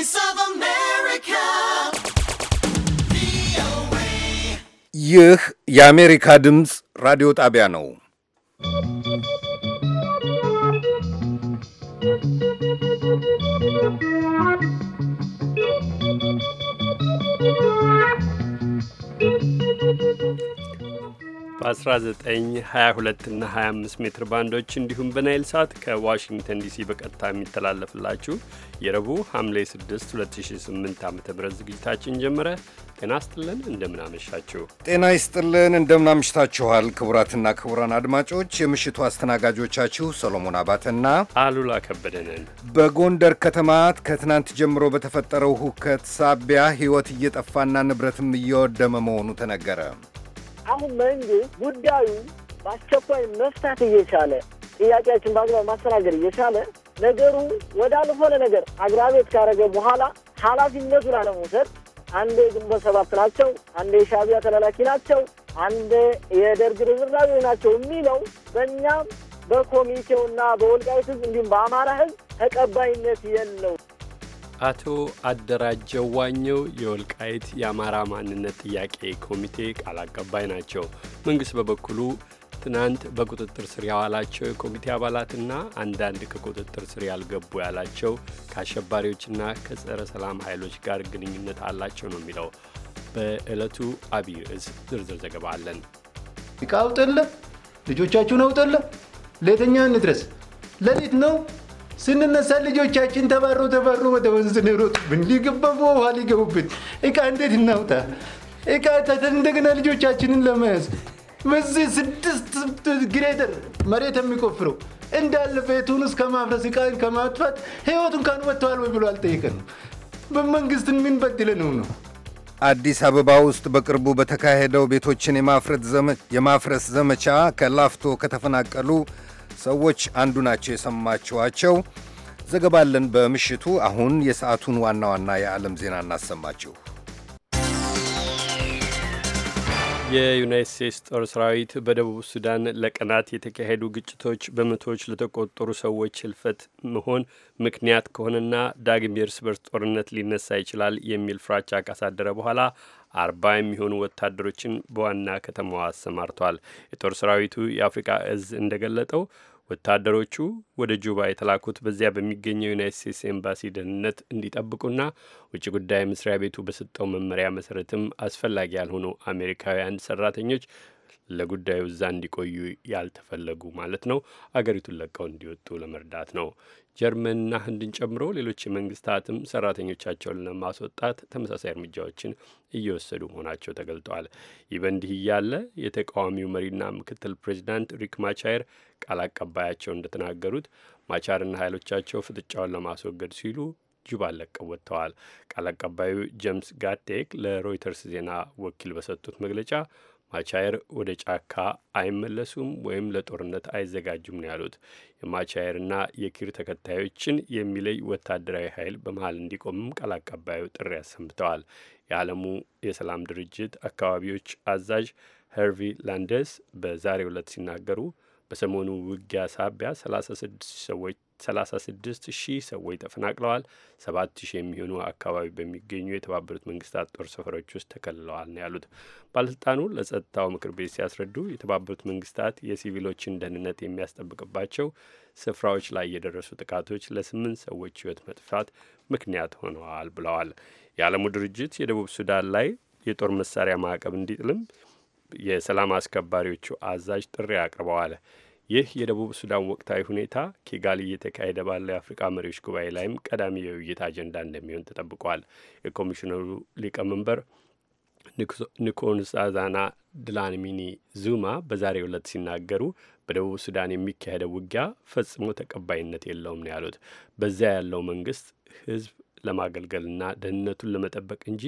voice of America. ይህ የአሜሪካ ድምፅ ራዲዮ ጣቢያ ነው። Thank you. በ1922 እና 25 ሜትር ባንዶች እንዲሁም በናይል ሳት ከዋሽንግተን ዲሲ በቀጥታ የሚተላለፍላችሁ የረቡዕ ሐምሌ 6 2008 ዓ ም ዝግጅታችን ጀመረ። ጤና ይስጥልን፣ እንደምናመሻችሁ። ጤና ይስጥልን፣ እንደምናምሽታችኋል። ክቡራትና ክቡራን አድማጮች የምሽቱ አስተናጋጆቻችሁ ሰሎሞን አባተና አሉላ ከበደንን። በጎንደር ከተማ ከትናንት ጀምሮ በተፈጠረው ሁከት ሳቢያ ሕይወት እየጠፋና ንብረትም እየወደመ መሆኑ ተነገረ። አሁን መንግስት ጉዳዩ በአስቸኳይ መፍታት እየቻለ ጥያቄያችን በአግባብ ማስተናገድ እየቻለ ነገሩ ወዳልሆነ ነገር አግራቤት ካረገ በኋላ ኃላፊነቱን አለመውሰድ አንዴ የግንቦት ሰባት ናቸው፣ አንዴ የሻቢያ ተላላኪ ናቸው፣ አንዴ የደርግ ርዝራዦች ናቸው የሚለው በእኛም በኮሚቴውና በወልቃይት ህዝብ እንዲሁም በአማራ ህዝብ ተቀባይነት የለው። አቶ አደራጀው ዋኘው የወልቃይት የአማራ ማንነት ጥያቄ ኮሚቴ ቃል አቀባይ ናቸው። መንግሥት በበኩሉ ትናንት በቁጥጥር ስር ያዋላቸው የኮሚቴ አባላትና አንዳንድ ከቁጥጥር ስር ያልገቡ ያላቸው ከአሸባሪዎችና ከጸረ ሰላም ኃይሎች ጋር ግንኙነት አላቸው ነው የሚለው። በዕለቱ አብይ ርዕስ ዝርዝር ዘገባ አለን። እቃ ልጆቻችሁን አውጠለ ለየተኛ እንድረስ ለሌት ነው ስንነሳ ልጆቻችን ተባሮ ተባሮ ወደ ወንዝ ነው የሮጡብን። ውሃ ሊገቡብን እቃ እንዴት እናውጣ? እቃ እንደገና ልጆቻችንን ለመያዝ በዚህ ስድስት ግሬደር መሬት የሚቆፍረው እንዳለ ቤቱን እስከ ማፍረስ እቃን ከማጥፋት ህይወቱ እንኳን ወጥተዋል ወይ ብሎ አልጠየቀንም። በመንግስትን ምን በድለነው ነው? አዲስ አበባ ውስጥ በቅርቡ በተካሄደው ቤቶችን የማፍረስ ዘመቻ ከላፍቶ ከተፈናቀሉ ሰዎች አንዱ ናቸው የሰማችኋቸው። ዘገባለን በምሽቱ። አሁን የሰዓቱን ዋና ዋና የዓለም ዜና እናሰማችሁ። የዩናይት ስቴትስ ጦር ሰራዊት በደቡብ ሱዳን ለቀናት የተካሄዱ ግጭቶች በመቶዎች ለተቆጠሩ ሰዎች ህልፈት መሆን ምክንያት ከሆነና ዳግም የእርስ በርስ ጦርነት ሊነሳ ይችላል የሚል ፍራቻ ካሳደረ በኋላ አርባ የሚሆኑ ወታደሮችን በዋና ከተማዋ አሰማርቷል። የጦር ሰራዊቱ የአፍሪካ እዝ እንደገለጠው ወታደሮቹ ወደ ጁባ የተላኩት በዚያ በሚገኘው ዩናይት ስቴትስ ኤምባሲ ደህንነት እንዲጠብቁና ውጭ ጉዳይ መስሪያ ቤቱ በሰጠው መመሪያ መሰረትም አስፈላጊ ያልሆኑ አሜሪካውያን ሰራተኞች ለጉዳዩ እዛ እንዲቆዩ ያልተፈለጉ ማለት ነው አገሪቱን ለቀው እንዲወጡ ለመርዳት ነው። ጀርመንና ህንድን ጨምሮ ሌሎች መንግስታትም ሰራተኞቻቸውን ለማስወጣት ተመሳሳይ እርምጃዎችን እየወሰዱ መሆናቸው ተገልጠዋል። ይህ በእንዲህ እያለ የተቃዋሚው መሪና ምክትል ፕሬዚዳንት ሪክ ማቻየር ቃል አቀባያቸው እንደተናገሩት ማቻርና ኃይሎቻቸው ፍጥጫውን ለማስወገድ ሲሉ ጁባ ለቀው ወጥተዋል። ቃል አቀባዩ ጀምስ ጋቴክ ለሮይተርስ ዜና ወኪል በሰጡት መግለጫ ማቻየር ወደ ጫካ አይመለሱም ወይም ለጦርነት አይዘጋጁም ነው ያሉት። የማቻየርና የኪር ተከታዮችን የሚለይ ወታደራዊ ኃይል በመሀል እንዲቆምም ቃል አቀባዩ ጥሪ አሰምተዋል። የዓለሙ የሰላም ድርጅት አካባቢዎች አዛዥ ሄርቪ ላንደስ በዛሬው ዕለት ሲናገሩ በሰሞኑ ውጊያ ሳቢያ 36 ሰዎች 36 ሺህ ሰዎች ተፈናቅለዋል። 7 ሺህ የሚሆኑ አካባቢ በሚገኙ የተባበሩት መንግስታት ጦር ሰፈሮች ውስጥ ተከልለዋል ነው ያሉት ባለስልጣኑ ለጸጥታው ምክር ቤት ሲያስረዱ የተባበሩት መንግስታት የሲቪሎችን ደህንነት የሚያስጠብቅባቸው ስፍራዎች ላይ የደረሱ ጥቃቶች ለስምንት ሰዎች ህይወት መጥፋት ምክንያት ሆነዋል ብለዋል። የዓለሙ ድርጅት የደቡብ ሱዳን ላይ የጦር መሳሪያ ማዕቀብ እንዲጥልም የሰላም አስከባሪዎቹ አዛዥ ጥሪ አቅርበዋል። ይህ የደቡብ ሱዳን ወቅታዊ ሁኔታ ኪጋሊ እየተካሄደ ባለው የአፍሪቃ መሪዎች ጉባኤ ላይም ቀዳሚ የውይይት አጀንዳ እንደሚሆን ተጠብቋል። የኮሚሽነሩ ሊቀመንበር ንኮንሳዛና ድላንሚኒ ዙማ በዛሬው ዕለት ሲናገሩ በደቡብ ሱዳን የሚካሄደው ውጊያ ፈጽሞ ተቀባይነት የለውም ነው ያሉት። በዚያ ያለው መንግስት ህዝብ ለማገልገልና ደህንነቱን ለመጠበቅ እንጂ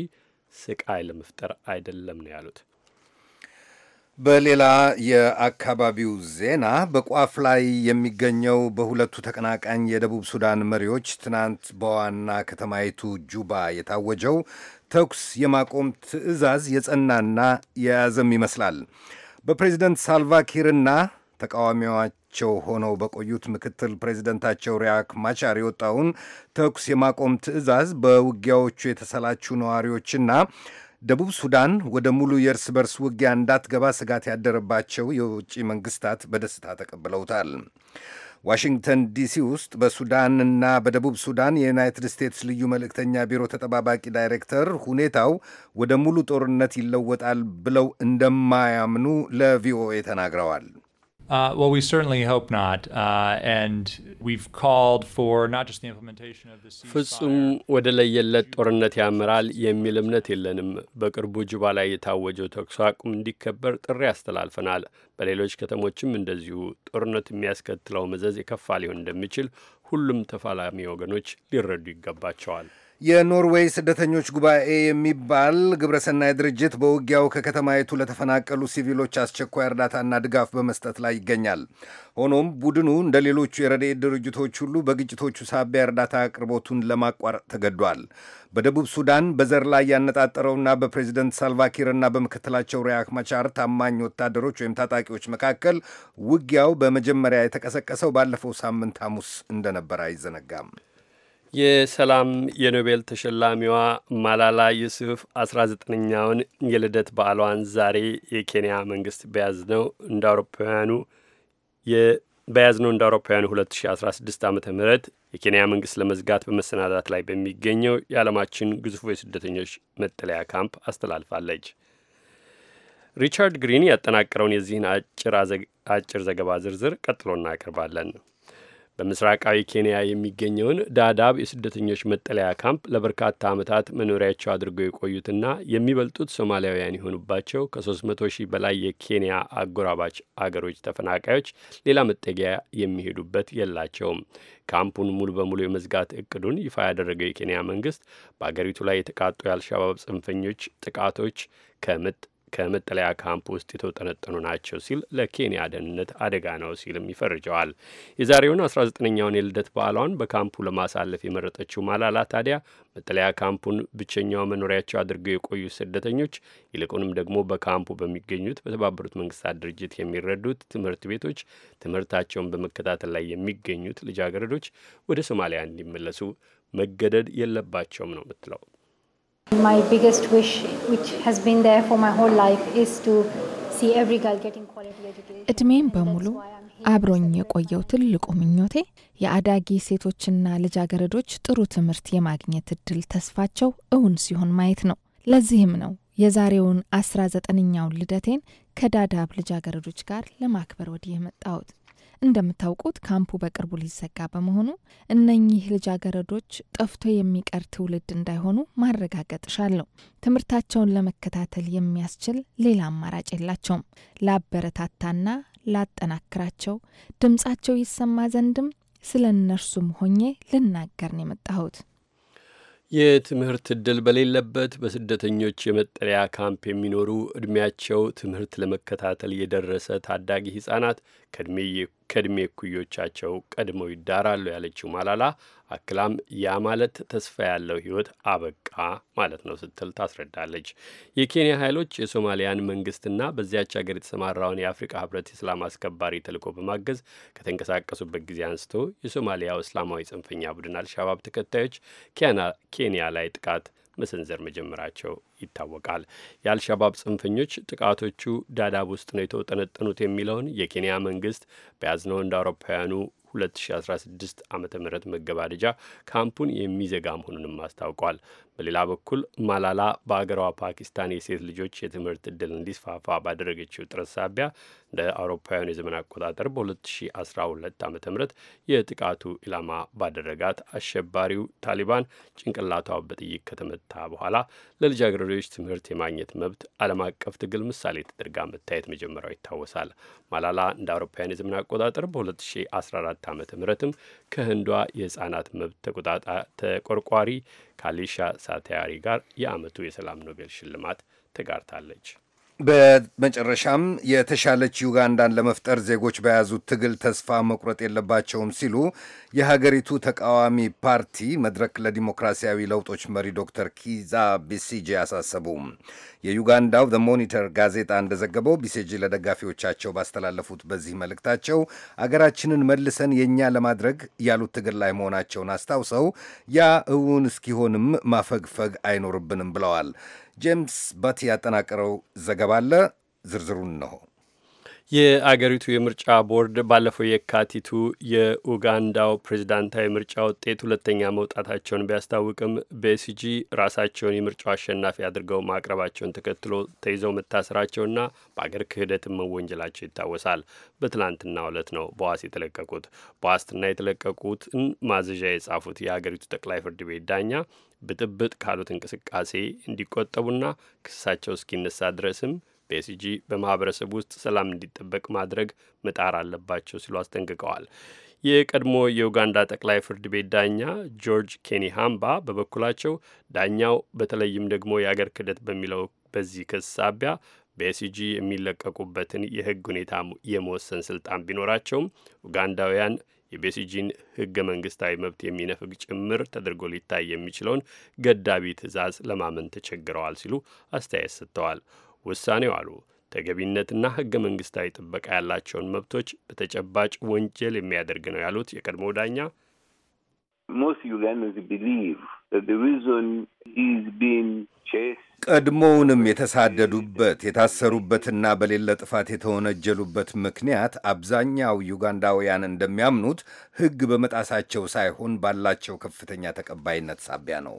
ስቃይ ለመፍጠር አይደለም ነው ያሉት። በሌላ የአካባቢው ዜና በቋፍ ላይ የሚገኘው በሁለቱ ተቀናቃኝ የደቡብ ሱዳን መሪዎች ትናንት በዋና ከተማይቱ ጁባ የታወጀው ተኩስ የማቆም ትዕዛዝ የጸናና የያዘም ይመስላል። በፕሬዚደንት ሳልቫኪርና ተቃዋሚዋቸው ሆነው በቆዩት ምክትል ፕሬዚደንታቸው ሪያክ ማቻር የወጣውን ተኩስ የማቆም ትዕዛዝ በውጊያዎቹ የተሰላቹ ነዋሪዎችና ደቡብ ሱዳን ወደ ሙሉ የእርስ በርስ ውጊያ እንዳትገባ ስጋት ያደረባቸው የውጭ መንግስታት በደስታ ተቀብለውታል። ዋሽንግተን ዲሲ ውስጥ በሱዳንና በደቡብ ሱዳን የዩናይትድ ስቴትስ ልዩ መልእክተኛ ቢሮ ተጠባባቂ ዳይሬክተር ሁኔታው ወደ ሙሉ ጦርነት ይለወጣል ብለው እንደማያምኑ ለቪኦኤ ተናግረዋል። Uh, well, we certainly hope not. Uh, and we've called for not just the implementation of this. ፍጹም ወደ ለየለት ጦርነት ያመራል የሚል እምነት የለንም። በቅርቡ ጁባ ላይ የታወጀው ተኩስ አቁም እንዲከበር ጥሪ አስተላልፈናል። በሌሎች ከተሞችም እንደዚሁ ጦርነት የሚያስከትለው መዘዝ የከፋ ሊሆን እንደሚችል ሁሉም ተፋላሚ ወገኖች ሊረዱ ይገባቸዋል። የኖርዌይ ስደተኞች ጉባኤ የሚባል ግብረሰናይ ድርጅት በውጊያው ከከተማይቱ ለተፈናቀሉ ሲቪሎች አስቸኳይ እርዳታና ድጋፍ በመስጠት ላይ ይገኛል። ሆኖም ቡድኑ እንደ ሌሎቹ የረድኤት ድርጅቶች ሁሉ በግጭቶቹ ሳቢያ እርዳታ አቅርቦቱን ለማቋረጥ ተገዷል። በደቡብ ሱዳን በዘር ላይ ያነጣጠረውና በፕሬዚደንት ሳልቫኪርና በምክትላቸው ሪያክ ማቻር ታማኝ ወታደሮች ወይም ታጣቂዎች መካከል ውጊያው በመጀመሪያ የተቀሰቀሰው ባለፈው ሳምንት ሐሙስ እንደነበር አይዘነጋም። የሰላም የኖቤል ተሸላሚዋ ማላላ ዩሱፍ አስራ ዘጠነኛውን የልደት በዓሏን ዛሬ የኬንያ መንግስት በያዝነው እንደ አውሮፓውያኑ በያዝነው እንደ አውሮፓውያኑ 2016 ዓ ም የኬንያ መንግስት ለመዝጋት በመሰናዳት ላይ በሚገኘው የዓለማችን ግዙፉ የስደተኞች መጠለያ ካምፕ አስተላልፋለች። ሪቻርድ ግሪን ያጠናቀረውን የዚህን አጭር ዘገባ ዝርዝር ቀጥሎ እናቀርባለን። በምስራቃዊ ኬንያ የሚገኘውን ዳዳብ የስደተኞች መጠለያ ካምፕ ለበርካታ ዓመታት መኖሪያቸው አድርገው የቆዩትና የሚበልጡት ሶማሊያውያን የሆኑባቸው ከ300 ሺህ በላይ የኬንያ አጎራባች አገሮች ተፈናቃዮች ሌላ መጠጊያ የሚሄዱበት የላቸውም። ካምፑን ሙሉ በሙሉ የመዝጋት እቅዱን ይፋ ያደረገው የኬንያ መንግስት በአገሪቱ ላይ የተቃጡ የአልሻባብ ጽንፈኞች ጥቃቶች ከምጥ ከመጠለያ ካምፕ ውስጥ የተውጠነጠኑ ናቸው ሲል ለኬንያ ደህንነት አደጋ ነው ሲልም ይፈርጀዋል። የዛሬውን 19ኛውን የልደት በዓሏን በካምፑ ለማሳለፍ የመረጠችው ማላላ ታዲያ መጠለያ ካምፑን ብቸኛው መኖሪያቸው አድርገው የቆዩ ስደተኞች ይልቁንም ደግሞ በካምፑ በሚገኙት በተባበሩት መንግስታት ድርጅት የሚረዱት ትምህርት ቤቶች ትምህርታቸውን በመከታተል ላይ የሚገኙት ልጃገረዶች ወደ ሶማሊያ እንዲመለሱ መገደድ የለባቸውም ነው ምትለው። my biggest wish, which has been there for my whole life, is to see every girl getting quality education. እድሜም በሙሉ አብሮኝ የቆየው ትልቁ ምኞቴ የአዳጊ ሴቶችና ልጃገረዶች ጥሩ ትምህርት የማግኘት እድል ተስፋቸው እውን ሲሆን ማየት ነው። ለዚህም ነው የዛሬውን አስራ ዘጠነኛውን ልደቴን ከዳዳብ ልጃገረዶች ጋር ለማክበር ወዲህ የመጣሁት። እንደምታውቁት ካምፑ በቅርቡ ሊዘጋ በመሆኑ እነኚህ ልጃገረዶች ጠፍቶ የሚቀር ትውልድ እንዳይሆኑ ማረጋገጥ ሻለሁ። ትምህርታቸውን ለመከታተል የሚያስችል ሌላ አማራጭ የላቸውም። ላበረታታና ላጠናክራቸው፣ ድምጻቸው ይሰማ ዘንድም ስለ እነርሱም ሆኜ ልናገር ነው የመጣሁት። የትምህርት እድል በሌለበት በስደተኞች የመጠለያ ካምፕ የሚኖሩ ዕድሜያቸው ትምህርት ለመከታተል የደረሰ ታዳጊ ህጻናት ከዕድሜ ከእድሜ እኩዮቻቸው ቀድመው ይዳራሉ ያለችው ማላላ አክላም ያ ማለት ተስፋ ያለው ህይወት አበቃ ማለት ነው ስትል ታስረዳለች። የኬንያ ኃይሎች የሶማሊያን መንግስትና በዚያች ሀገር የተሰማራውን የአፍሪቃ ህብረት የሰላም አስከባሪ ተልዕኮ በማገዝ ከተንቀሳቀሱበት ጊዜ አንስቶ የሶማሊያው እስላማዊ ጽንፈኛ ቡድን አልሻባብ ተከታዮች ኬንያ ላይ ጥቃት መሰንዘር መጀመራቸው ይታወቃል። የአልሻባብ ጽንፈኞች ጥቃቶቹ ዳዳብ ውስጥ ነው የተውጠነጠኑት የሚለውን የኬንያ መንግስት በያዝነው እንደ አውሮፓውያኑ 2016 ዓ ም መገባደጃ ካምፑን የሚዘጋ መሆኑንም አስታውቋል። በሌላ በኩል ማላላ በአገሯ ፓኪስታን የሴት ልጆች የትምህርት እድል እንዲስፋፋ ባደረገችው ጥረት ሳቢያ እንደ አውሮፓውያኑ የዘመን አቆጣጠር በ2012 ዓ ም የጥቃቱ ኢላማ ባደረጋት አሸባሪው ታሊባን ጭንቅላቷ በጥይት ከተመታ በኋላ ለልጃገረዶች ትምህርት የማግኘት መብት ዓለም አቀፍ ትግል ምሳሌ ተደርጋ መታየት መጀመሪያው ይታወሳል። ማላላ እንደ አውሮፓውያን የዘመን አቆጣጠር በ2014 ዓ ምትም ከህንዷ የህፃናት መብት ተቆርቋሪ ካሊሻ ሳቲያሪ ጋር የአመቱ የሰላም ኖቤል ሽልማት ተጋርታለች። በመጨረሻም የተሻለች ዩጋንዳን ለመፍጠር ዜጎች በያዙት ትግል ተስፋ መቁረጥ የለባቸውም ሲሉ የሀገሪቱ ተቃዋሚ ፓርቲ መድረክ ለዲሞክራሲያዊ ለውጦች መሪ ዶክተር ኪዛ ቢሲጂ አሳሰቡ። የዩጋንዳው ዘ ሞኒተር ጋዜጣ እንደዘገበው ቢሲጂ ለደጋፊዎቻቸው ባስተላለፉት በዚህ መልእክታቸው አገራችንን መልሰን የእኛ ለማድረግ ያሉት ትግል ላይ መሆናቸውን አስታውሰው ያ እውን እስኪሆንም ማፈግፈግ አይኖርብንም ብለዋል። ጄምስ በት ያጠናቀረው ዘገባ አለ። ዝርዝሩን ነው። የአገሪቱ የምርጫ ቦርድ ባለፈው የካቲቱ የኡጋንዳው ፕሬዚዳንታዊ ምርጫ ውጤት ሁለተኛ መውጣታቸውን ቢያስታውቅም በኤሲጂ ራሳቸውን የምርጫው አሸናፊ አድርገው ማቅረባቸውን ተከትሎ ተይዘው መታሰራቸውና በአገር ክህደትን መወንጀላቸው ይታወሳል። በትላንትና ዕለት ነው በዋስ የተለቀቁት። በዋስትና የተለቀቁትን ማዘዣ የጻፉት የአገሪቱ ጠቅላይ ፍርድ ቤት ዳኛ ብጥብጥ ካሉት እንቅስቃሴ እንዲቆጠቡና ክሳቸው እስኪነሳ ድረስም ፒኤስጂ በማህበረሰብ ውስጥ ሰላም እንዲጠበቅ ማድረግ መጣር አለባቸው ሲሉ አስጠንቅቀዋል። የቀድሞ የኡጋንዳ ጠቅላይ ፍርድ ቤት ዳኛ ጆርጅ ኬኒ ሃምባ በበኩላቸው ዳኛው በተለይም ደግሞ የአገር ክህደት በሚለው በዚህ ክስ ሳቢያ በኤሲጂ የሚለቀቁበትን የህግ ሁኔታ የመወሰን ስልጣን ቢኖራቸውም ኡጋንዳውያን የቤሲጂን ህገ መንግስታዊ መብት የሚነፍግ ጭምር ተደርጎ ሊታይ የሚችለውን ገዳቢ ትዕዛዝ ለማመን ተቸግረዋል ሲሉ አስተያየት ሰጥተዋል። ውሳኔው አሉ ተገቢነትና ህገ መንግስታዊ ጥበቃ ያላቸውን መብቶች በተጨባጭ ወንጀል የሚያደርግ ነው ያሉት የቀድሞ ዳኛ ቀድሞውንም የተሳደዱበት የታሰሩበትና በሌለ ጥፋት የተወነጀሉበት ምክንያት አብዛኛው ዩጋንዳውያን እንደሚያምኑት ህግ በመጣሳቸው ሳይሆን ባላቸው ከፍተኛ ተቀባይነት ሳቢያ ነው።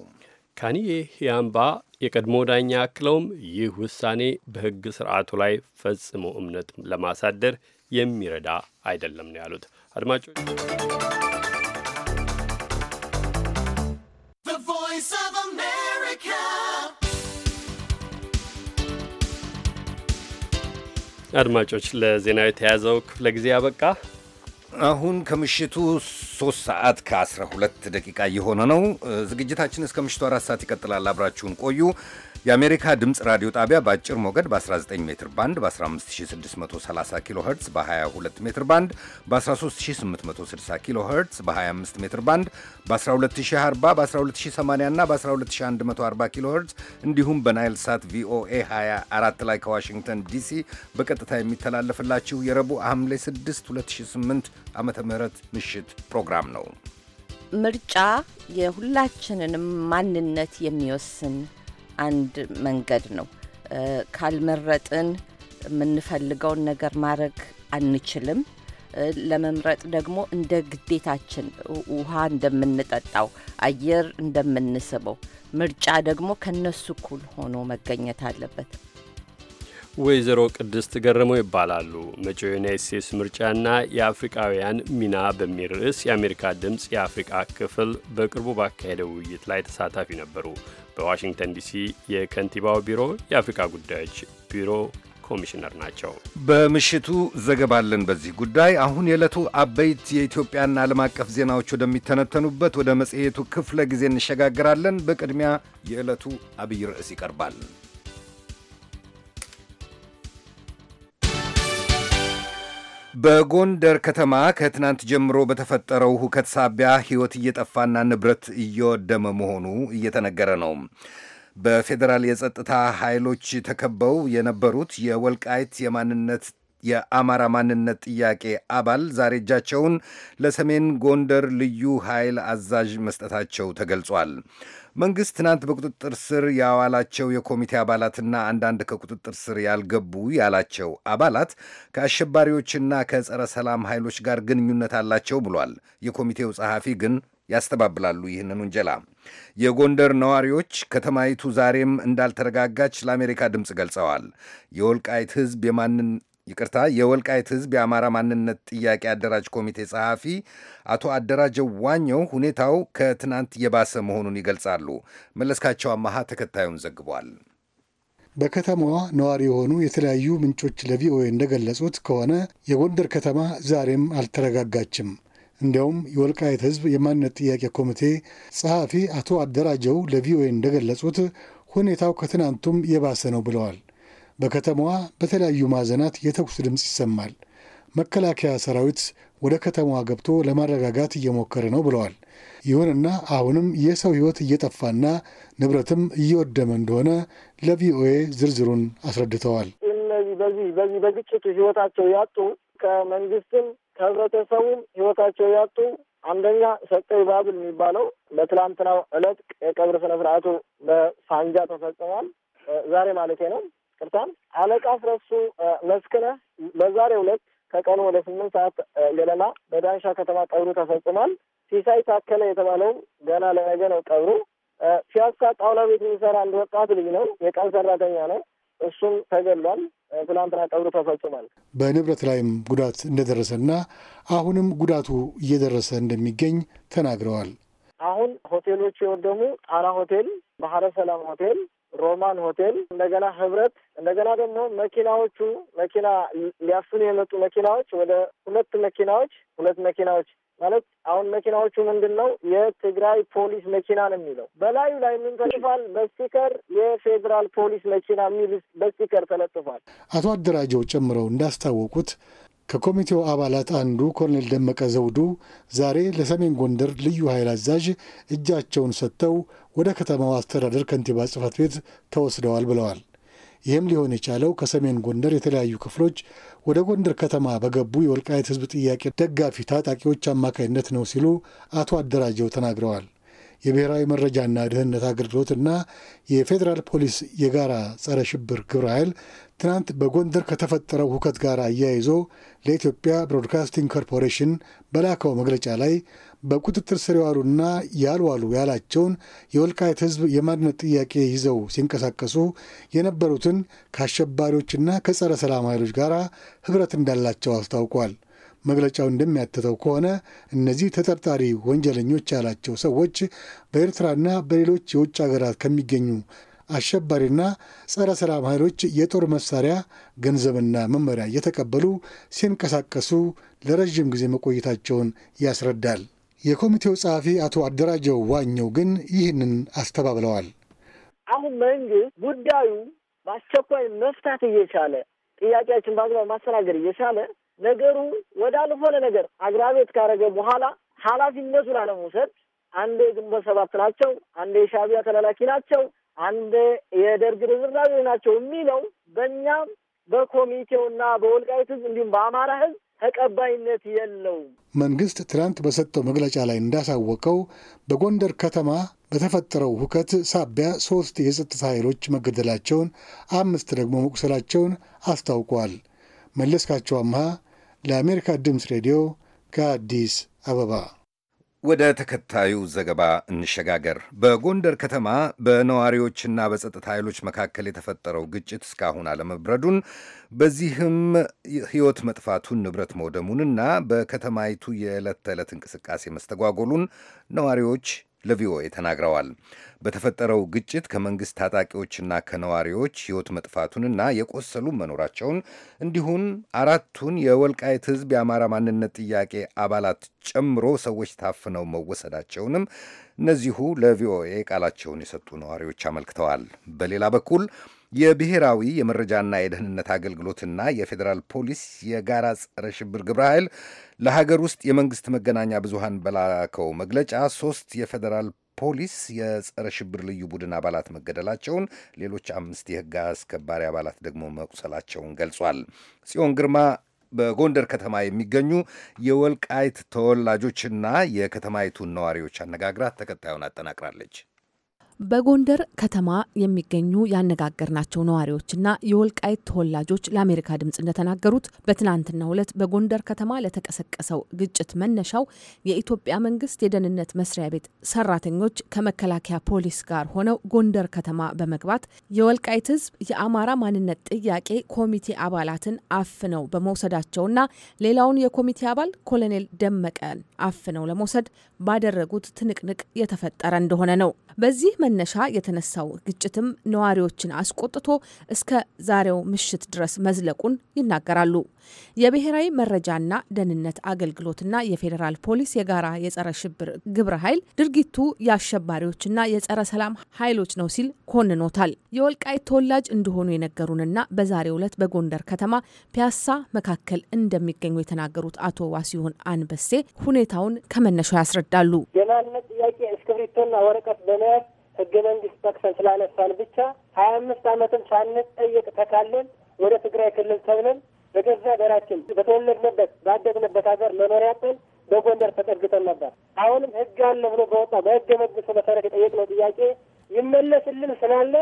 ካኒዬ ሂያምባ የቀድሞ ዳኛ አክለውም ይህ ውሳኔ በሕግ ስርዓቱ ላይ ፈጽሞ እምነት ለማሳደር የሚረዳ አይደለም ነው ያሉት። አድማጮች አድማጮች ለዜናው የተያዘው ክፍለ ጊዜ አበቃ። አሁን ከምሽቱ 3 ሰዓት ከ12 ደቂቃ የሆነ ነው። ዝግጅታችን እስከ ምሽቱ አራት ሰዓት ይቀጥላል። አብራችሁን ቆዩ። የአሜሪካ ድምፅ ራዲዮ ጣቢያ በአጭር ሞገድ በ19 ሜትር ባንድ በ15630 ኪሎ ኸርትዝ በ22 ሜትር ባንድ በ13860 ኪሎ ኸርትዝ በ25 ሜትር ባንድ በ12040 በ12080 እና በ12140 ኪሎ ኸርትዝ እንዲሁም በናይል ሳት ቪኦኤ 24 ላይ ከዋሽንግተን ዲሲ በቀጥታ የሚተላለፍላችሁ የረቡዕ ሐምሌ 6 2008 ዓ ም ምሽት ፕሮግራም ነው። ምርጫ የሁላችንንም ማንነት የሚወስን አንድ መንገድ ነው። ካልመረጥን የምንፈልገውን ነገር ማድረግ አንችልም። ለመምረጥ ደግሞ እንደ ግዴታችን ውሃ እንደምንጠጣው፣ አየር እንደምንስበው ምርጫ ደግሞ ከነሱ እኩል ሆኖ መገኘት አለበት። ወይዘሮ ቅድስት ገረመው ይባላሉ። መጪው የዩናይት ስቴትስ ምርጫና የአፍሪቃውያን ሚና በሚል ርዕስ የአሜሪካ ድምፅ የአፍሪቃ ክፍል በቅርቡ ባካሄደው ውይይት ላይ ተሳታፊ ነበሩ። በዋሽንግተን ዲሲ የከንቲባው ቢሮ የአፍሪካ ጉዳዮች ቢሮ ኮሚሽነር ናቸው። በምሽቱ ዘገባለን በዚህ ጉዳይ። አሁን የዕለቱ አበይት የኢትዮጵያና ዓለም አቀፍ ዜናዎች ወደሚተነተኑበት ወደ መጽሔቱ ክፍለ ጊዜ እንሸጋግራለን። በቅድሚያ የዕለቱ አብይ ርዕስ ይቀርባል። በጎንደር ከተማ ከትናንት ጀምሮ በተፈጠረው ሁከት ሳቢያ ሕይወት እየጠፋና ንብረት እየወደመ መሆኑ እየተነገረ ነው። በፌዴራል የጸጥታ ኃይሎች ተከበው የነበሩት የወልቃይት የማንነት የአማራ ማንነት ጥያቄ አባል ዛሬ እጃቸውን ለሰሜን ጎንደር ልዩ ኃይል አዛዥ መስጠታቸው ተገልጿል። መንግሥት ትናንት በቁጥጥር ስር ያዋላቸው የኮሚቴ አባላትና አንዳንድ ከቁጥጥር ስር ያልገቡ ያላቸው አባላት ከአሸባሪዎችና ከጸረ ሰላም ኃይሎች ጋር ግንኙነት አላቸው ብሏል። የኮሚቴው ጸሐፊ ግን ያስተባብላሉ ይህንን ውንጀላ። የጎንደር ነዋሪዎች ከተማይቱ ዛሬም እንዳልተረጋጋች ለአሜሪካ ድምፅ ገልጸዋል። የወልቃይት ሕዝብ የማንን ይቅርታ የወልቃይት ህዝብ የአማራ ማንነት ጥያቄ አደራጅ ኮሚቴ ጸሐፊ አቶ አደራጀው ዋኘው ሁኔታው ከትናንት የባሰ መሆኑን ይገልጻሉ። መለስካቸው አማሃ ተከታዩን ዘግቧል። በከተማዋ ነዋሪ የሆኑ የተለያዩ ምንጮች ለቪኦኤ እንደገለጹት ከሆነ የጎንደር ከተማ ዛሬም አልተረጋጋችም። እንዲያውም የወልቃየት ህዝብ የማንነት ጥያቄ ኮሚቴ ጸሐፊ አቶ አደራጀው ለቪኦኤ እንደገለጹት ሁኔታው ከትናንቱም የባሰ ነው ብለዋል። በከተማዋ በተለያዩ ማዕዘናት የተኩስ ድምፅ ይሰማል። መከላከያ ሰራዊት ወደ ከተማዋ ገብቶ ለማረጋጋት እየሞከረ ነው ብለዋል። ይሁንና አሁንም የሰው ሕይወት እየጠፋና ንብረትም እየወደመ እንደሆነ ለቪኦኤ ዝርዝሩን አስረድተዋል። እነዚህ በዚህ በዚህ በግጭቱ ሕይወታቸው ያጡ ከመንግስትም ከህብረተሰቡም ሕይወታቸው ያጡ አንደኛ ሰጠይ ባብል የሚባለው በትላንትናው ዕለት የቀብር ስነ ስርዓቱ በሳንጃ ተፈጽሟል። ዛሬ ማለቴ ነው። ቅርታም አለቃ ፍረሱ መስክነ በዛሬ ዕለት ከቀኑ ወደ ስምንት ሰዓት ገደማ በዳንሻ ከተማ ቀብሩ ተፈጽሟል። ሲሳይ ታከለ የተባለው ገና ለነገ ነው ቀብሩ። ፒያሳ ጣውላ ቤት የሚሰራ አንድ ወጣት ልጅ ነው፣ የቀን ሰራተኛ ነው። እሱም ተገሏል። ትላንትና ቀብሩ ተፈጽሟል። በንብረት ላይም ጉዳት እንደደረሰና አሁንም ጉዳቱ እየደረሰ እንደሚገኝ ተናግረዋል። አሁን ሆቴሎች የወደሙ ጣና ሆቴል፣ ባህረ ሰላም ሆቴል፣ ሮማን ሆቴል፣ እንደገና ህብረት፣ እንደገና ደግሞ መኪናዎቹ መኪና ሊያፍኑ የመጡ መኪናዎች ወደ ሁለት መኪናዎች ሁለት መኪናዎች ማለት አሁን መኪናዎቹ ምንድን ነው የትግራይ ፖሊስ መኪና ነው የሚለው በላዩ ላይ ምን ተጽፏል? በስቲከር የፌዴራል ፖሊስ መኪና የሚል በስቲከር ተለጥፏል። አቶ አደራጀው ጨምረው እንዳስታወቁት ከኮሚቴው አባላት አንዱ ኮሎኔል ደመቀ ዘውዱ ዛሬ ለሰሜን ጎንደር ልዩ ኃይል አዛዥ እጃቸውን ሰጥተው ወደ ከተማው አስተዳደር ከንቲባ ጽፈት ቤት ተወስደዋል ብለዋል። ይህም ሊሆን የቻለው ከሰሜን ጎንደር የተለያዩ ክፍሎች ወደ ጎንደር ከተማ በገቡ የወልቃየት ህዝብ ጥያቄ ደጋፊ ታጣቂዎች አማካኝነት ነው ሲሉ አቶ አደራጀው ተናግረዋል። የብሔራዊ መረጃና ደህንነት አገልግሎትና የፌዴራል ፖሊስ የጋራ ጸረ ሽብር ግብረ ኃይል ትናንት በጎንደር ከተፈጠረው ሁከት ጋር አያይዞ ለኢትዮጵያ ብሮድካስቲንግ ኮርፖሬሽን በላከው መግለጫ ላይ በቁጥጥር ስር የዋሉና ያልዋሉ ያላቸውን የወልቃይት ሕዝብ የማንነት ጥያቄ ይዘው ሲንቀሳቀሱ የነበሩትን ከአሸባሪዎችና ከጸረ ሰላም ኃይሎች ጋር ኅብረት እንዳላቸው አስታውቋል። መግለጫው እንደሚያትተው ከሆነ እነዚህ ተጠርጣሪ ወንጀለኞች ያላቸው ሰዎች በኤርትራና በሌሎች የውጭ ሀገራት ከሚገኙ አሸባሪና ጸረ ሰላም ኃይሎች የጦር መሳሪያ፣ ገንዘብና መመሪያ እየተቀበሉ ሲንቀሳቀሱ ለረዥም ጊዜ መቆየታቸውን ያስረዳል። የኮሚቴው ጸሐፊ አቶ አደራጀው ዋኘው ግን ይህንን አስተባብለዋል። አሁን መንግስት ጉዳዩ በአስቸኳይ መፍታት እየቻለ ጥያቄያችን በአግባብ ማስተናገድ እየቻለ ነገሩ ወዳልሆነ ነገር አግራቤት ካረገ በኋላ ኃላፊነቱን አለመውሰድ አንዴ የግንቦት ሰባት ናቸው፣ አንዴ የሻቢያ ተላላኪ ናቸው አንድ የደርግ ርዝራዦች ናቸው የሚለው በእኛም በኮሚቴውና በወልቃይት ህዝብ እንዲሁም በአማራ ህዝብ ተቀባይነት የለውም። መንግስት ትናንት በሰጠው መግለጫ ላይ እንዳሳወቀው በጎንደር ከተማ በተፈጠረው ሁከት ሳቢያ ሶስት የጸጥታ ኃይሎች መገደላቸውን፣ አምስት ደግሞ መቁሰላቸውን አስታውቋል። መለስካቸው አምሃ ለአሜሪካ ድምፅ ሬዲዮ ከአዲስ አበባ ወደ ተከታዩ ዘገባ እንሸጋገር። በጎንደር ከተማ በነዋሪዎችና በጸጥታ ኃይሎች መካከል የተፈጠረው ግጭት እስካሁን አለመብረዱን በዚህም ሕይወት መጥፋቱን ንብረት መውደሙንና በከተማይቱ የዕለት ተዕለት እንቅስቃሴ መስተጓጎሉን ነዋሪዎች ለቪኦኤ ተናግረዋል። በተፈጠረው ግጭት ከመንግሥት ታጣቂዎችና ከነዋሪዎች ሕይወት መጥፋቱንና የቆሰሉ መኖራቸውን እንዲሁም አራቱን የወልቃይት ሕዝብ የአማራ ማንነት ጥያቄ አባላት ጨምሮ ሰዎች ታፍነው መወሰዳቸውንም እነዚሁ ለቪኦኤ ቃላቸውን የሰጡ ነዋሪዎች አመልክተዋል። በሌላ በኩል የብሔራዊ የመረጃና የደህንነት አገልግሎትና የፌዴራል ፖሊስ የጋራ ጸረ ሽብር ግብረ ኃይል ለሀገር ውስጥ የመንግስት መገናኛ ብዙሃን በላከው መግለጫ ሶስት የፌዴራል ፖሊስ የጸረ ሽብር ልዩ ቡድን አባላት መገደላቸውን፣ ሌሎች አምስት የህግ አስከባሪ አባላት ደግሞ መቁሰላቸውን ገልጿል። ጽዮን ግርማ በጎንደር ከተማ የሚገኙ የወልቃይት ተወላጆችና የከተማይቱን ነዋሪዎች አነጋግራት ተከታዩን አጠናቅራለች። በጎንደር ከተማ የሚገኙ ያነጋገርናቸው ነዋሪዎችና የወልቃይት ተወላጆች ለአሜሪካ ድምጽ እንደተናገሩት በትናንትናው ዕለት በጎንደር ከተማ ለተቀሰቀሰው ግጭት መነሻው የኢትዮጵያ መንግስት የደህንነት መስሪያ ቤት ሰራተኞች ከመከላከያ ፖሊስ ጋር ሆነው ጎንደር ከተማ በመግባት የወልቃይት ሕዝብ የአማራ ማንነት ጥያቄ ኮሚቴ አባላትን አፍነው በመውሰዳቸውና ሌላውን የኮሚቴ አባል ኮሎኔል ደመቀን አፍነው ለመውሰድ ባደረጉት ትንቅንቅ የተፈጠረ እንደሆነ ነው። በዚህ መነሻ የተነሳው ግጭትም ነዋሪዎችን አስቆጥቶ እስከ ዛሬው ምሽት ድረስ መዝለቁን ይናገራሉ። የብሔራዊ መረጃና ደህንነት አገልግሎትና የፌዴራል ፖሊስ የጋራ የጸረ ሽብር ግብረ ኃይል ድርጊቱ የአሸባሪዎችና የጸረ ሰላም ኃይሎች ነው ሲል ኮንኖታል። የወልቃይት ተወላጅ እንደሆኑ የነገሩንና በዛሬው ዕለት በጎንደር ከተማ ፒያሳ መካከል እንደሚገኙ የተናገሩት አቶ ዋሲሁን አንበሴ ሁኔታውን ከመነሻው ያስረዳሉ። የማንነት ጥያቄ እስክሪብቶና ወረቀት በመያዝ ህገ መንግስት ጠቅሰን ስላነሳን ብቻ ሀያ አምስት አመትም ሳንጠየቅ ተካለን ወደ ትግራይ ክልል ተብለን በገዛ ሀገራችን በተወለድንበት ባደግንበት ሀገር መኖሪያ ያጠን በጎንደር ተጠግተን ነበር። አሁንም ህግ አለ ብሎ በወጣ በህገ መንግስቱ መሰረት የጠየቅነው ጥያቄ ይመለስልን ስላለ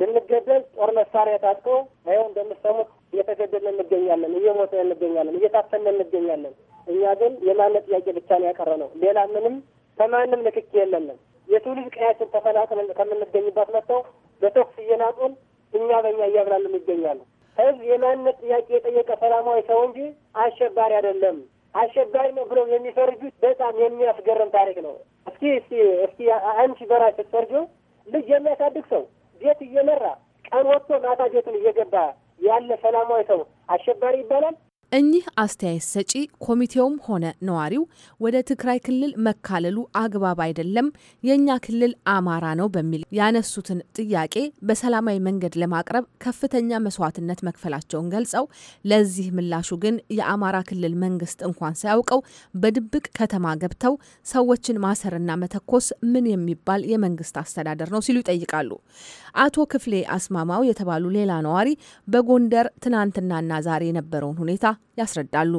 ልንገደል ጦር መሳሪያ ታጥቆ ይኸው እንደምሰሙት እየተገደልን እንገኛለን፣ እየሞተ እንገኛለን፣ እየታፈነ እንገኛለን። እኛ ግን የማንነት ጥያቄ ብቻ ነው ነው ሌላ ምንም ከማንም ንክኪ የለንም። የትውልድ ቀያችን ተፈናቅለን ከምንገኝበት መጥተው በተኩስ እየናጡን እኛ በእኛ እያብላሉን ይገኛሉ። ህዝብ የማንነት ጥያቄ የጠየቀ ሰላማዊ ሰው እንጂ አሸባሪ አይደለም። አሸባሪ ነው ብለው የሚፈርጁት በጣም የሚያስገርም ታሪክ ነው። እስኪ እስኪ እስኪ አንቺ በራሽ ስትፈርጂው ልጅ የሚያሳድግ ሰው ቤት እየመራ ቀን ወጥቶ ማታ ቤቱን እየገባ ያለ ሰላማዊ ሰው አሸባሪ ይባላል? እኚህ አስተያየት ሰጪ ኮሚቴውም ሆነ ነዋሪው ወደ ትግራይ ክልል መካለሉ አግባብ አይደለም፣ የእኛ ክልል አማራ ነው በሚል ያነሱትን ጥያቄ በሰላማዊ መንገድ ለማቅረብ ከፍተኛ መስዋዕትነት መክፈላቸውን ገልጸው ለዚህ ምላሹ ግን የአማራ ክልል መንግስት እንኳን ሳያውቀው በድብቅ ከተማ ገብተው ሰዎችን ማሰርና መተኮስ ምን የሚባል የመንግስት አስተዳደር ነው ሲሉ ይጠይቃሉ። አቶ ክፍሌ አስማማው የተባሉ ሌላ ነዋሪ በጎንደር ትናንትናና ዛሬ የነበረውን ሁኔታ ያስረዳሉ።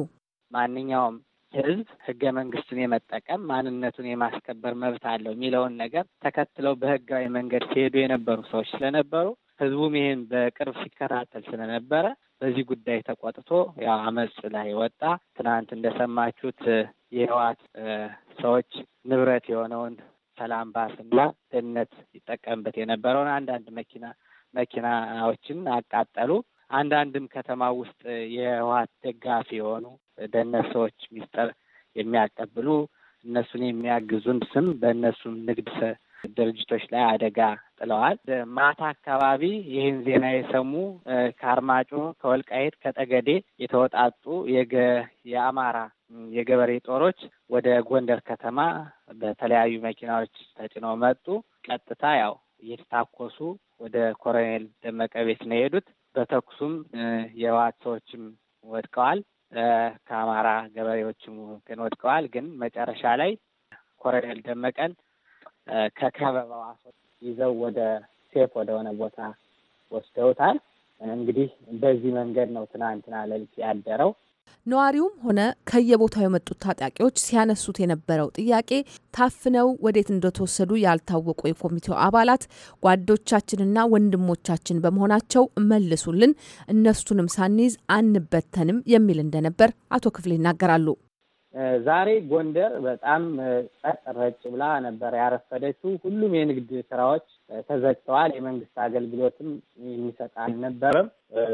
ማንኛውም ህዝብ ህገ መንግስቱን የመጠቀም ማንነቱን የማስከበር መብት አለው የሚለውን ነገር ተከትለው በህጋዊ መንገድ ሲሄዱ የነበሩ ሰዎች ስለነበሩ ህዝቡም ይህን በቅርብ ሲከታተል ስለነበረ በዚህ ጉዳይ ተቆጥቶ ያው አመፅ ላይ ወጣ። ትናንት እንደሰማችሁት የህወሓት ሰዎች ንብረት የሆነውን ሰላም ባስና ደህንነት ይጠቀምበት የነበረውን አንዳንድ መኪና መኪናዎችን አቃጠሉ። አንዳንድም ከተማ ውስጥ የህወሀት ደጋፊ የሆኑ ደህንነት ሰዎች ሚስጠር የሚያቀብሉ እነሱን የሚያግዙን ስም በእነሱም ንግድ ድርጅቶች ላይ አደጋ ጥለዋል። ማታ አካባቢ ይህን ዜና የሰሙ ከአርማጮ፣ ከወልቃይት፣ ከጠገዴ የተወጣጡ የአማራ የገበሬ ጦሮች ወደ ጎንደር ከተማ በተለያዩ መኪናዎች ተጭነው መጡ። ቀጥታ ያው እየተታኮሱ ወደ ኮሎኔል ደመቀ ቤት ነው የሄዱት። በተኩሱም የህወሓት ሰዎችም ወድቀዋል። ከአማራ ገበሬዎችም ግን ወድቀዋል። ግን መጨረሻ ላይ ኮሎኔል ደመቀን ከከበባው ይዘው ወደ ሴፍ ወደሆነ ቦታ ወስደውታል። እንግዲህ በዚህ መንገድ ነው ትናንትና ሌሊት ያደረው። ነዋሪውም ሆነ ከየቦታው የመጡት ታጣቂዎች ሲያነሱት የነበረው ጥያቄ ታፍነው ወዴት እንደተወሰዱ ያልታወቁ የኮሚቴው አባላት ጓዶቻችንና ወንድሞቻችን በመሆናቸው መልሱልን፣ እነሱንም ሳንይዝ አንበተንም የሚል እንደነበር አቶ ክፍሌ ይናገራሉ። ዛሬ ጎንደር በጣም ጸጥ ረጭ ብላ ነበር ያረፈደችው። ሁሉም የንግድ ስራዎች ተዘግተዋል። የመንግስት አገልግሎትም የሚሰጥ አልነበረም።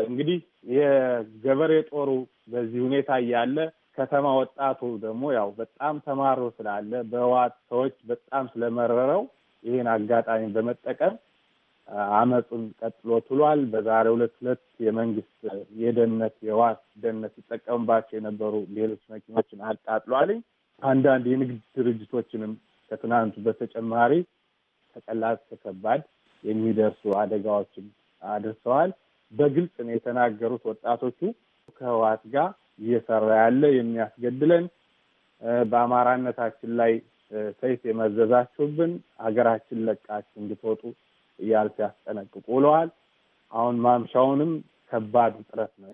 እንግዲህ የገበሬ ጦሩ በዚህ ሁኔታ እያለ ከተማ ወጣቱ ደግሞ ያው በጣም ተማሮ ስላለ በህወሓት ሰዎች በጣም ስለመረረው ይህን አጋጣሚ በመጠቀም አመፅም ቀጥሎ ትሏል። በዛሬ ሁለት ሁለት የመንግስት የደህንነት የዋስ ደህንነት ሲጠቀምባቸው የነበሩ ሌሎች መኪኖችን አቃጥሏልኝ። አንዳንድ የንግድ ድርጅቶችንም ከትናንቱ በተጨማሪ ከቀላል ከባድ የሚደርሱ አደጋዎችን አድርሰዋል። በግልጽ ነው የተናገሩት ወጣቶቹ ከህወሓት ጋር እየሰራ ያለ የሚያስገድለን በአማራነታችን ላይ ሰይፍ የመዘዛችሁብን ሀገራችን ለቃችሁ እንድትወጡ እያሉ ሲያስጠነቅቁ ውለዋል። አሁን ማምሻውንም ከባድ ውጥረት ነው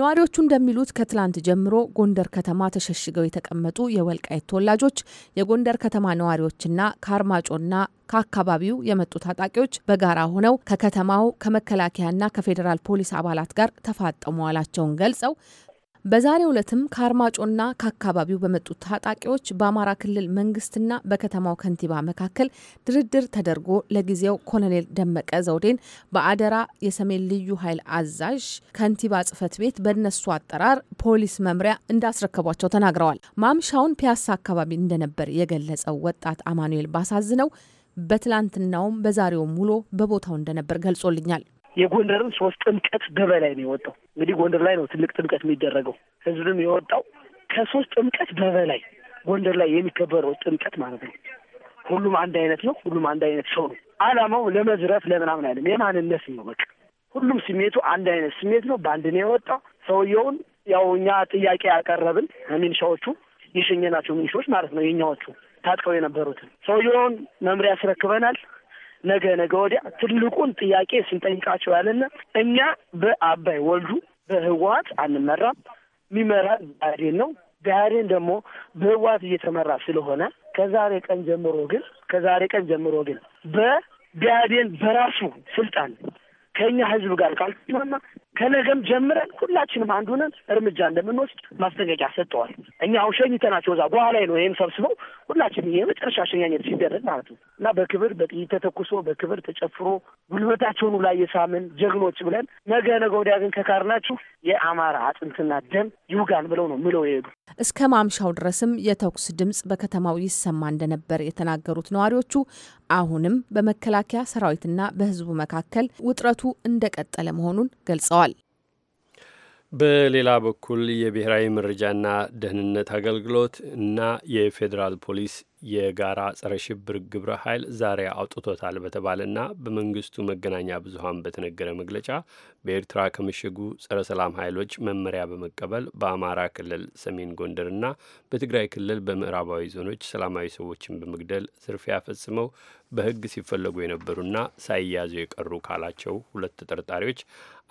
ነዋሪዎቹ እንደሚሉት ከትላንት ጀምሮ ጎንደር ከተማ ተሸሽገው የተቀመጡ የወልቃይት ተወላጆች፣ የጎንደር ከተማ ነዋሪዎችና ከአርማጮና ከአካባቢው የመጡ ታጣቂዎች በጋራ ሆነው ከከተማው ከመከላከያና ከፌዴራል ፖሊስ አባላት ጋር ተፋጠሙ መዋላቸውን ገልጸው በዛሬው ዕለትም ከአርማጮና ከአካባቢው በመጡ ታጣቂዎች በአማራ ክልል መንግስትና በከተማው ከንቲባ መካከል ድርድር ተደርጎ ለጊዜው ኮሎኔል ደመቀ ዘውዴን በአደራ የሰሜን ልዩ ኃይል አዛዥ ከንቲባ ጽህፈት ቤት በነሱ አጠራር ፖሊስ መምሪያ እንዳስረከቧቸው ተናግረዋል። ማምሻውን ፒያሳ አካባቢ እንደነበር የገለጸው ወጣት አማኑኤል ባሳዝነው በትላንትናውም በዛሬውም ውሎ በቦታው እንደነበር ገልጾልኛል። የጎንደርን ሶስት ጥምቀት በበላይ ነው የወጣው። እንግዲህ ጎንደር ላይ ነው ትልቅ ጥምቀት የሚደረገው። ህዝብም የወጣው ከሶስት ጥምቀት በበላይ ጎንደር ላይ የሚከበረው ጥምቀት ማለት ነው። ሁሉም አንድ አይነት ነው። ሁሉም አንድ አይነት ሰው ነው። አላማው ለመዝረፍ ለምናምን አይደለም፣ የማንነት ነው። በቃ ሁሉም ስሜቱ አንድ አይነት ስሜት ነው። በአንድ ነው የወጣው። ሰውየውን ያው እኛ ጥያቄ ያቀረብን ሚኒሻዎቹ የሸኘናቸው ሚኒሻዎች ማለት ነው የኛዎቹ ታጥቀው የነበሩትን ሰውየውን መምሪያ ያስረክበናል። ነገ ነገ ወዲያ ትልቁን ጥያቄ ስንጠይቃቸው ያለና እኛ በአባይ ወልዱ በህወሀት አንመራም። የሚመራ ብአዴን ነው። ብአዴን ደግሞ በህወሀት እየተመራ ስለሆነ ከዛሬ ቀን ጀምሮ ግን ከዛሬ ቀን ጀምሮ ግን በብአዴን በራሱ ስልጣን ከእኛ ህዝብ ጋር ካልተስማማ ከነገም ጀምረን ሁላችንም አንድ ሆነን እርምጃ እንደምንወስድ ማስጠንቀቂያ ሰጥተዋል። እኛ አሁን ሸኝተናቸው እዛ በኋላ ላይ ነው ይህን ሰብስበው ሁላችንም ይህ መጨረሻ ሸኛኘት ሲደረግ ማለት ነው እና በክብር በጥይት ተተኩሶ በክብር ተጨፍሮ ጉልበታቸውን ላይ የሳምን ጀግኖች ብለን ነገ ነገ ወዲያ ግን ከካርናችሁ የአማራ አጥንትና ደም ይውጋን ብለው ነው ምለው የሄዱ። እስከ ማምሻው ድረስም የተኩስ ድምጽ በከተማው ይሰማ እንደነበር የተናገሩት ነዋሪዎቹ አሁንም በመከላከያ ሰራዊትና በህዝቡ መካከል ውጥረቱ እንደቀጠለ መሆኑን ገልጸዋል። በሌላ በኩል የብሔራዊ መረጃና ደህንነት አገልግሎት እና የፌዴራል ፖሊስ የጋራ ጸረ ሽብር ግብረ ኃይል ዛሬ አውጥቶታል በተባለና በመንግስቱ መገናኛ ብዙኃን በተነገረ መግለጫ በኤርትራ ከመሸጉ ጸረ ሰላም ኃይሎች መመሪያ በመቀበል በአማራ ክልል ሰሜን ጎንደርና በትግራይ ክልል በምዕራባዊ ዞኖች ሰላማዊ ሰዎችን በመግደል ዝርፊያ ፈጽመው በሕግ ሲፈለጉ የነበሩና ሳይያዙ የቀሩ ካላቸው ሁለት ተጠርጣሪዎች